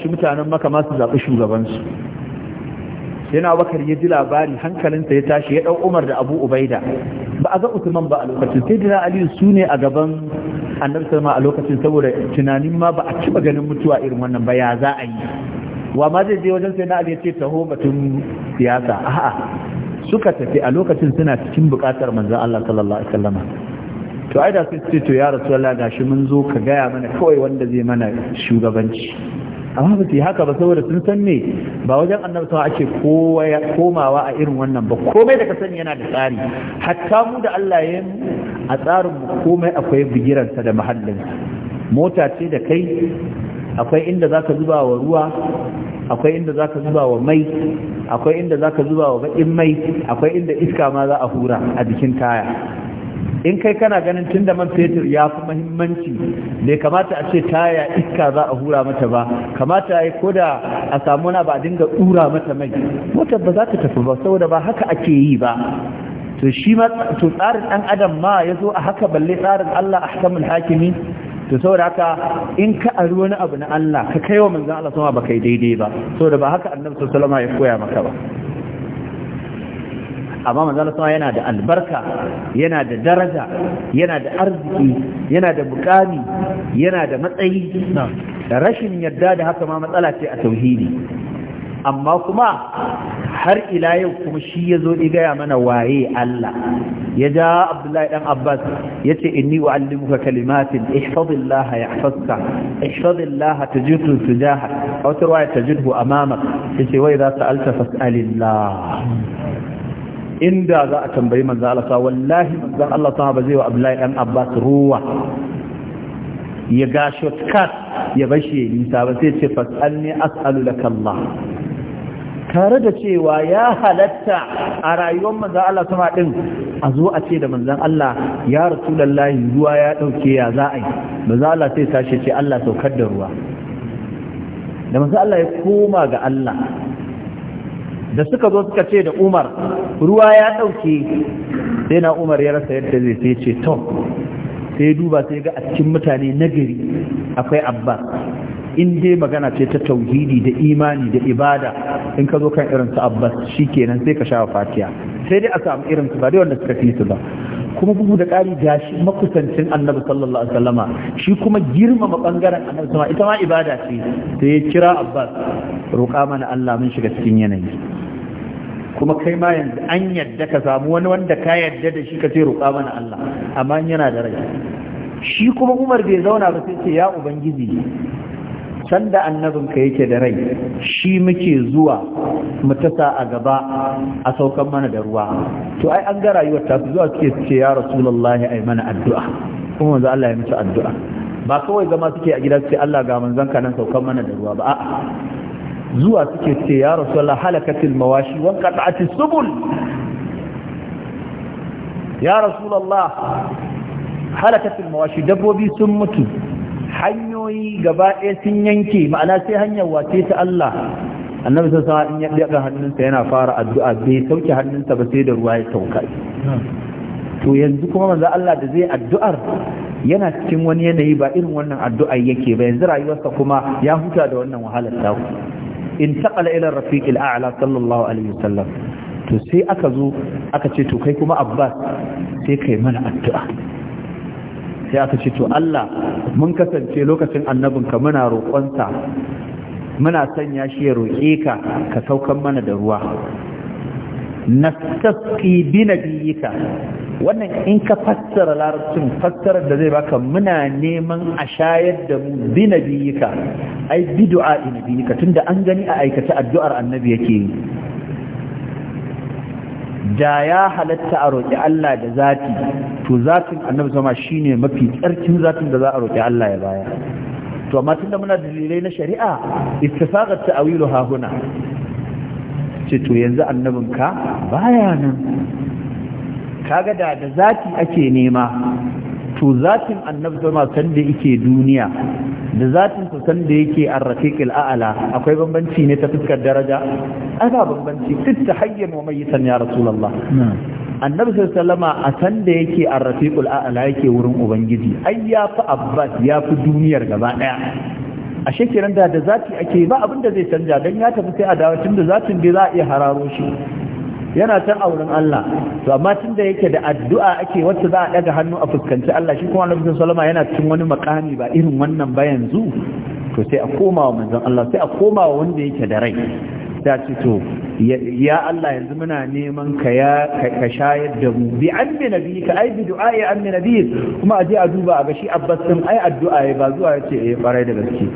shi mutanen maka ma su zaɓi shugabansu yana bakar ya ji labari hankalinsa ya tashi ya ɗau umar da abu ubaida ba a ga usman ba a lokacin sai dina aliyu su ne a gaban annabi salma a lokacin saboda tunanin ma ba a ci ganin mutuwa irin wannan ba ya za a yi wa ma zai je wajen sai na ali ce taho batun siyasa a'a suka tafi a lokacin suna cikin bukatar manzon Allah sallallahu alaihi wasallam to ai da sai to ya rasu rasulullah gashi mun zo ka gaya mana kawai wanda zai mana shugabanci amma ba su haka ba saboda sun san ne ba wajen annabtawa ake komawa a irin wannan ba komai da ka sani yana da tsari hatta mu da Allah ya a tsarin komai akwai bigiransa da mahallin mota ce da kai akwai inda za ka zuba wa ruwa akwai inda za ka zuba wa mai akwai inda za ka zuba wa baƙin mai akwai inda iska ma za a hura a jikin taya in kai kana ganin tun da man fetur ya fi mahimmanci bai kamata a ce taya iska za a hura mata ba kamata ya ko da a samu na ba dinga ɗura mata mai motar ba za ta tafi ba saboda ba haka ake yi ba to shi ma to tsarin ɗan adam ma ya zo a haka balle tsarin allah ahkamul hakimi to saboda haka in ka ari wani abu na Allah ka kaiwa manzon Allah sama baka kai daidai ba saboda ba haka annabi sallallahu alaihi wasallam ya koya maka ba amma manzon Allah yana da albarka yana da daraja yana da arziki yana da bukami yana da matsayi rashin yadda da haka ma matsala ce a tauhidi amma kuma har ila yau kuma shi ya zo gaya mana waye Allah ya ja Abdullahi dan Abbas ya ce inni u'allimuka kalimatin ihfazillah yahfazka ihfazillah tajidhu tujaha aw tarwa tajidhu amamak yace wai za ta alta fas'alillah inda za a tambayi manzo Allah sa wallahi manzo Allah ta ba zai wa Abdullahi dan Abbas ruwa ya ga shortcut ya bashe nisa ba sai ce fas'alni as'alu lakallah tare da cewa ya halatta a rayuwar manzan Allah sama ɗin a zo a ce da manzan Allah ya rasu lallahi ruwa ya ɗauke ya za a yi manzan Allah sai tashi ce Allah saukar da ruwa da manzan Allah ya koma ga Allah da suka zo suka ce da Umar ruwa ya ɗauke sai na Umar ya rasa yadda zai sai ce to sai duba sai ga a cikin mutane nagari akwai Abbas in dai magana ce ta tauhidi da imani da ibada in ka zo kan irin su abbas kenan sai ka shawa Fatiya. sai dai a samu irin su ba dai wanda suka fi su ba kuma bugu da ƙari da shi makusancin annabi sallallahu alaihi wasallama shi kuma girmama bangaren annabi sallallahu ita ma ibada ce sai ya kira abbas roƙa mana Allah mun shiga cikin yanayi kuma kai ma yanzu an yadda ka samu wani wanda ka yadda da shi ka ce roƙa mana Allah amma yana da rai shi kuma Umar bai zauna ba sai ce ya ubangiji sanda annabinka yake da rai shi muke zuwa mu tasa a gaba a saukan mana da ruwa to ai an ga rayuwar ta zuwa suke ce ya rasulullahi ai mana addu'a kuma manzo Allah ya mutu addu'a ba kawai zama suke a gida suke Allah ga manzon ka nan saukan mana da ruwa ba a'a zuwa suke ce ya rasulullah halakatil mawashi wa qat'atis subul ya rasulullah halakatil mawashi dabbobi sun mutu hanyoyi gaba ɗaya sun yanke ma'ana sai hanyar wace ta Allah annabi sun sa in ya ɗaga hannunsa yana fara addu'a bai sauke hannunsa ba sai da ruwa ya sauka to yanzu kuma manzo Allah da zai addu'ar yana cikin wani yanayi ba irin wannan addu'a yake ba yanzu rayuwarsa kuma ya huta da wannan wahalar ta in taqala ila al a'la sallallahu alaihi wasallam to sai aka zo aka ce to kai kuma Abbas sai kai mana addu'a sai aka ce to Allah mun kasance lokacin annabinka muna roƙonsa muna sanya shi ya roƙe ka ka saukan mana da ruwa nastasqi bi nabiyika wannan in ka fassara larabcin fassarar da zai baka muna neman a shayar da mu bi nabiyika ai bi du'a nabiyika tunda an gani a aikace addu'ar annabi yake yi da ya halatta a roƙi Allah da zati to zatin annabi zama shine mafi tsarkin zatin da za a roƙi Allah ya baya to amma tunda muna dalilai na shari'a ittifaqat ta'wilu ha huna ce to yanzu annabin ka baya nan kaga da da zati ake nema to zatin annabi zama san da yake duniya da zatin su da yake an rafiqil akwai bambanci ne ta fuskar daraja ana bambanci fitta hayyan wa mai ya rasulullah annabi sallama a san da yake an rafiqul yake wurin ubangiji ai ya fi abbas ya fi duniyar gaba ɗaya. a shekiran da da zafi ake ba abin da zai canja dan ya tafi sai a dawo tun da zatin da za a iya hararo shi yana can auren Allah to amma tun da yake da addu'a ake wacce za a daga hannu a fuskanci Allah shi kuma Annabi sallallahu yana cikin wani makami ba irin wannan ba yanzu to sai a koma wa manzon Allah sai a koma wa wanda yake da rai ta ce to ya Allah yanzu muna neman ka ya ka shayar da mu bi annabi nabi ka ai bi du'a ya ammi kuma aje a duba a ga shi Abbas din ai addu'a ya ba zuwa yace, ce eh barai da gaske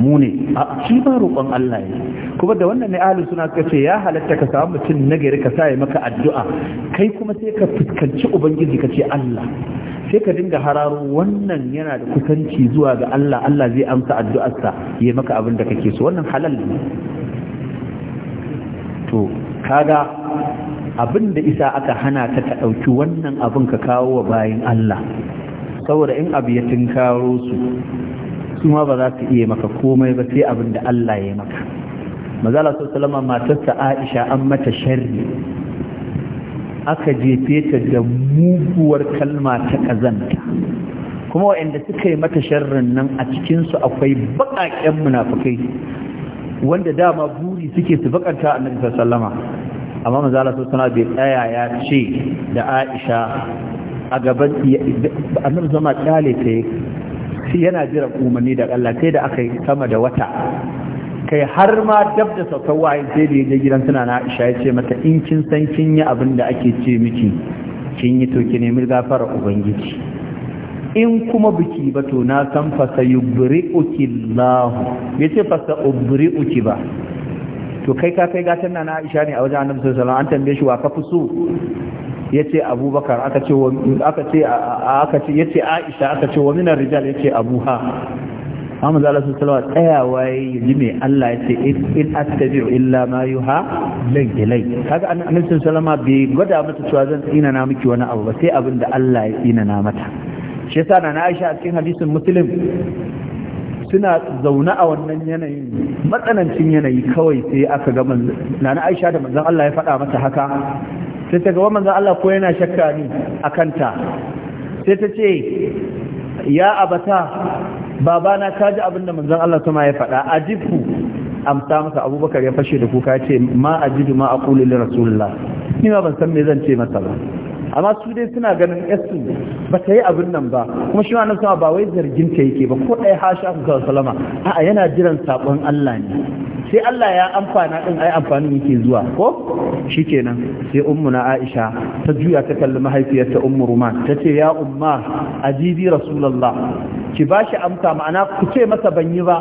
mu ne a shi ba roƙon Allah ne kuma da wannan ne ahlus suna suka ce ya halatta ka samu mutum nagari ka sa maka addu'a kai kuma sai ka fuskanci ubangiji ka ce Allah sai ka dinga hararo wannan yana da kusanci zuwa ga Allah Allah zai amsa addu'arsa ya maka abin da kake so wannan halal ne to kaga abin da isa aka hana ta ta ɗauki wannan abin ka kawo wa bayin Allah saboda in abu ya tinkaro su su ma ba za su iya maka komai ba sai abin da Allah ya maka mazala sau salama matarsa aisha an mata sharri aka jefe ta da muguwar kalma ta kazanta kuma waɗanda suka yi mata sharrin nan a cikinsu akwai baƙaƙen munafukai wanda dama buri suke su bakanta annabi sallama amma mazala sau sana bai tsaya ya ce da aisha a gaban annabi zama kyale ta shi yana jiran umarni da Allah sai da aka yi sama da wata kai har ma dab da saukan wayin sai da je gidan tana na Aisha ya ce mata in kin san kin yi abin da ake ce miki kin yi to ki nemi gafara ubangiji in kuma biki ba to na san fa sayubri'uki Allah yace fa sayubri'uki ba to kai ka kai gatan na Aisha ne a wajen Annabi sallallahu alaihi wasallam an tambaye shi wa ka fi so yace abubakar aka ce aka ce aka ce yace aisha aka ce wa minar rijal yace abuha amma zalla su salawa tsayawa ya ji me Allah yace in attabi'u illa ma yuha ilai kaga annabi Salama bai gwada mata cewa zan tsina na miki wani abu ba sai abin da Allah ya tsina na mata shi yasa na Aisha a cikin hadisin Muslim suna zaune a wannan yanayin matsanancin yanayi kawai sai aka ga na Aisha da manzon Allah ya faɗa mata haka sai ta wannan da Allah ko yana shakka ni a kanta sai ta ce ya abata babana ta ji abin da manzan Allah kuma ya faɗa a amsa masa abubakar ya fashe da kuka ya ce ma a jidu ma a kulilin rasulullah ni ma ban san me zan ce masa ba amma su dai suna ganin yasu ba ta yi abin nan ba kuma shi wannan sama ba wai zargin ta yake ba ko ɗaya hasha ku sallallahu salama a'a yana jiran sakon Allah ne sai Allah ya amfana din ai amfanin yake zuwa ko shi shikenan sai ummu na Aisha ta juya ta kalli mahaifiyarta ummu Ruman tace ya umma ajibi rasulullah ki bashi amsa ma'ana ku ce masa ban yi ba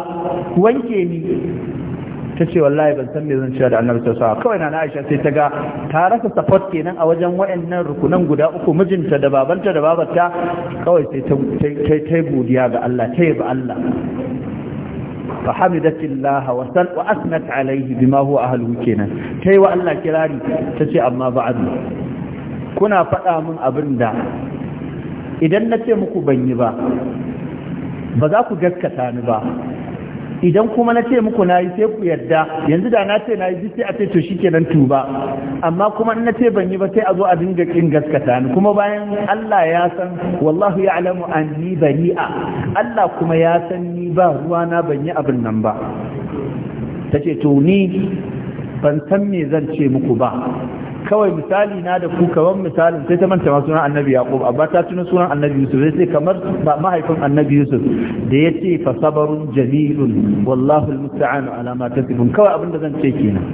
ku wanke ni ta ce wallahi ban san me zan cewa da annabi sallallahu alaihi kawai na Aisha sai ta ga ta rasa support kenan a wajen wayannan rukunan guda uku mijinta da babanta da babarta kawai sai ta ta godiya ga Allah ta ba Allah fa Allah wa sal wa asnat alaihi bima huwa ahluhu kenan ta yi wa Allah kirari ta ce amma ba'adu kuna faɗa min abin da idan na ce muku ban yi ba ba za ku gaskata ni ba idan kuma na ce muku na yi sai ku yarda yanzu da na ce na yi sai a ce to shikenan tuba amma kuma in na ce ban yi ba sai a zo a dinga kin gaskata ni kuma bayan Allah ya san wallahu ya'lamu anni bari'a Allah kuma ya san ni ba ruwa na ban yi abin nan ba tace to ni ban san me zan ce muku ba kawai misali na da ku kamar misalin sai ta manta ma sunan annabi yaqub amma ta tuna sunan annabi yusuf sai kamar mahaifin annabi yusuf da ya ce fa sabarun jamilun wallahu almusta'an ala ma tasifun kawai abin da zan ce kenan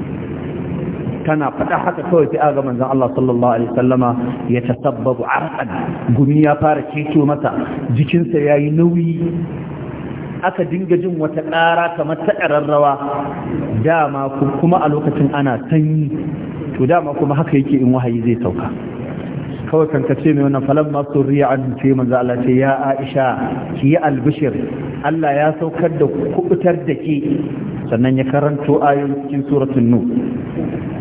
tana faɗa haka kawai sai aga manzon Allah sallallahu alaihi wasallama ya tasabbabu arqan gumi ya fara ceto masa jikinsa yayi nauyi aka dinga jin wata ƙara kamar ta ƙararrawa dama kuma a lokacin ana sanyi to dama kuma haka yake in wahayi zai sauka kawai kan kace mai wannan falan ma surriya an ce manzo Allah ce ya Aisha ki yi albishir Allah ya saukar da kubutar da ke sannan ya karanto ayoyin cikin suratul nu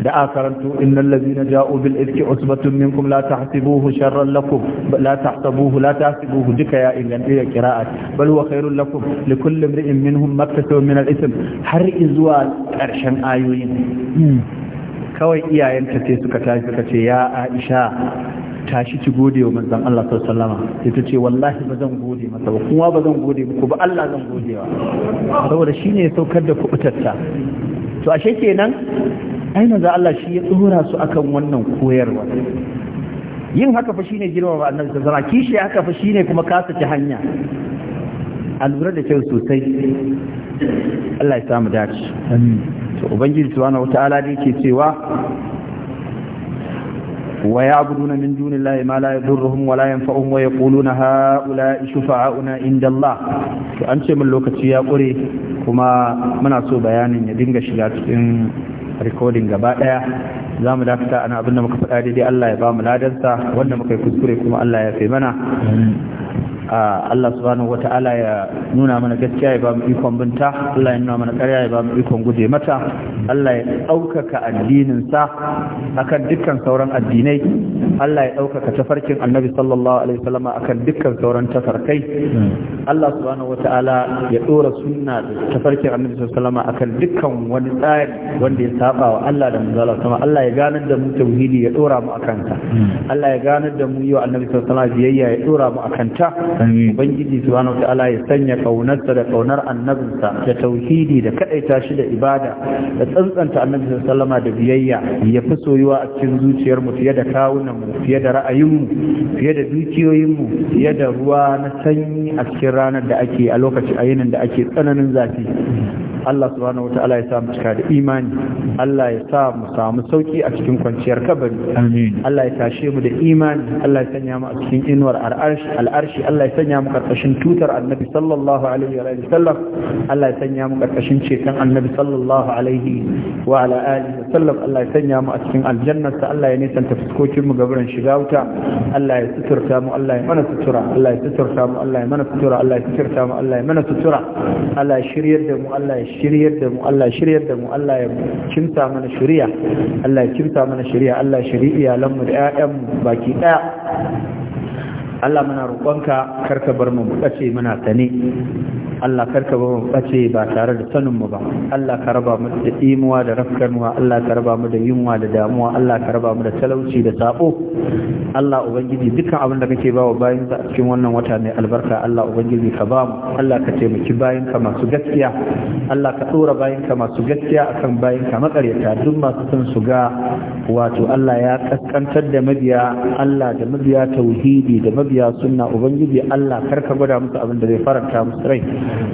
da a karanto innal ladina ja'u bil ifki usbatun minkum la tahsibuhu sharran lakum la tahsabuhu la tahsibuhu duka ya inganta ya qira'at bal huwa khairul lakum li kulli imrin minhum maktasabu min al ism har izuwa karshen ayoyin hmm. kawai iyayenta ce suka tafi suka ce ya Aisha tashi ki gode wa manzon Allah sallallahu alaihi ta ce wallahi ba zan gode masa ba kuma ba zan gode muku ba Allah zan gode wa saboda shine ya saukar da kubutarta to ashe kenan ai manzon Allah shi ya tsora su akan wannan koyarwa yin haka fa shine girmama annabi sallallahu alaihi wasallam kishi haka fa shine kuma kasa ci hanya a lura da kyau sosai Allah ya samu dace amin to ubangiji subhanahu wataala dai ke cewa Waya ويعبدون من دون الله ما لا يضرهم ولا in ويقولون هؤلاء شفعاؤنا عند الله فأنت من لوكتي يا قري كما من أسو بيان يدنغ شغات recording gaba daya za mu dakata ana abinda muka faɗa daidai Allah ya ba mu ladansa wanda muka yi kuskure kuma Allah ya fi mana Allah subhanahu ya nuna mana gaskiya ya ba mu ikon binta Allah ya nuna mana ƙarya ya ba mu ikon guje mata Allah ya ɗaukaka addinin akan dukkan sauran addinai Allah ya ɗaukaka tafarkin Annabi sallallahu alaihi wasallam akan dukkan sauran tafarkai Allah subhanahu ya ɗora sunna da tafarkin Annabi sallallahu alaihi akan dukkan wani tsari wanda ya saba wa Allah da sama Allah ya gane da mu tauhidi ya mu akan ta Allah ya ganar da mu yau hmm. Annabi sallallahu alaihi wasallam biyayya ya dora mu akan ta ubangiji subhanahu wa ta'ala ya sanya kaunarsa da kaunar annabinsa da tauhidi da kaɗaita shi da ibada da tsantsanta annabi sallama da biyayya ya fi soyuwa a cikin zuciyar mu fiye da kawunan mu fiye da ra'ayin mu fiye da dukiyoyin mu fiye da ruwa na sanyi a cikin ranar da ake a lokacin ayinin da ake tsananin zafi Allah subhanahu wataala ya sa mu cika da imani Allah ya sa mu samu sauki a cikin kwanciyar kabari amin Allah ya tashe mu da imani Allah ya sanya mu a cikin inuwar al'arshi al'arshi Allah ya sanya mu karkashin tutar annabi sallallahu alaihi wa sallam Allah ya sanya mu karkashin ceton annabi sallallahu alaihi wa ala alihi wa sallam Allah ya sanya mu a cikin aljannarsa Allah ya nisanta fuskokin mu gaburan shiga wuta Allah ya suturta mu Allah ya mana sutura Allah ya suturta mu Allah ya mana sutura Allah ya suturta mu Allah ya mana sutura Allah ya shiryar da mu Allah ya shiryar da mu Allah shiryar da mu Allah ya kimsa mana shari'a Allah ya kimsa mana shari'a Allah shari'a iyalan mu da ƴaƴan mu baki ɗaya Allah muna roƙonka karka bar mu bace muna sane Allah karka bar mu bace ba tare da sanin mu ba Allah ka raba mu da imuwa da rafkanwa Allah ka raba mu da yunwa da damuwa Allah ka raba mu da talauci da sabo Allah ubangiji dukkan abin da kake bawa bayin sa a cikin wannan wata mai albarka Allah ubangiji ka ba mu Allah ka taimaki bayin ka masu gaskiya Allah ka dora bayin ka masu gaskiya akan bayin ka makaryata duk masu son su ga wato Allah ya kaskantar da mabiya Allah da mabiya tauhidi da mabiya mabiya sunna ubangiji Allah kar ka gwada musu abin da zai faranta musu rai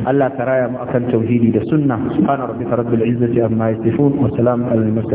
Allah ka raya mu akan tauhidi da sunna subhana rabbika rabbil izzati amma yasifun wa salamun alal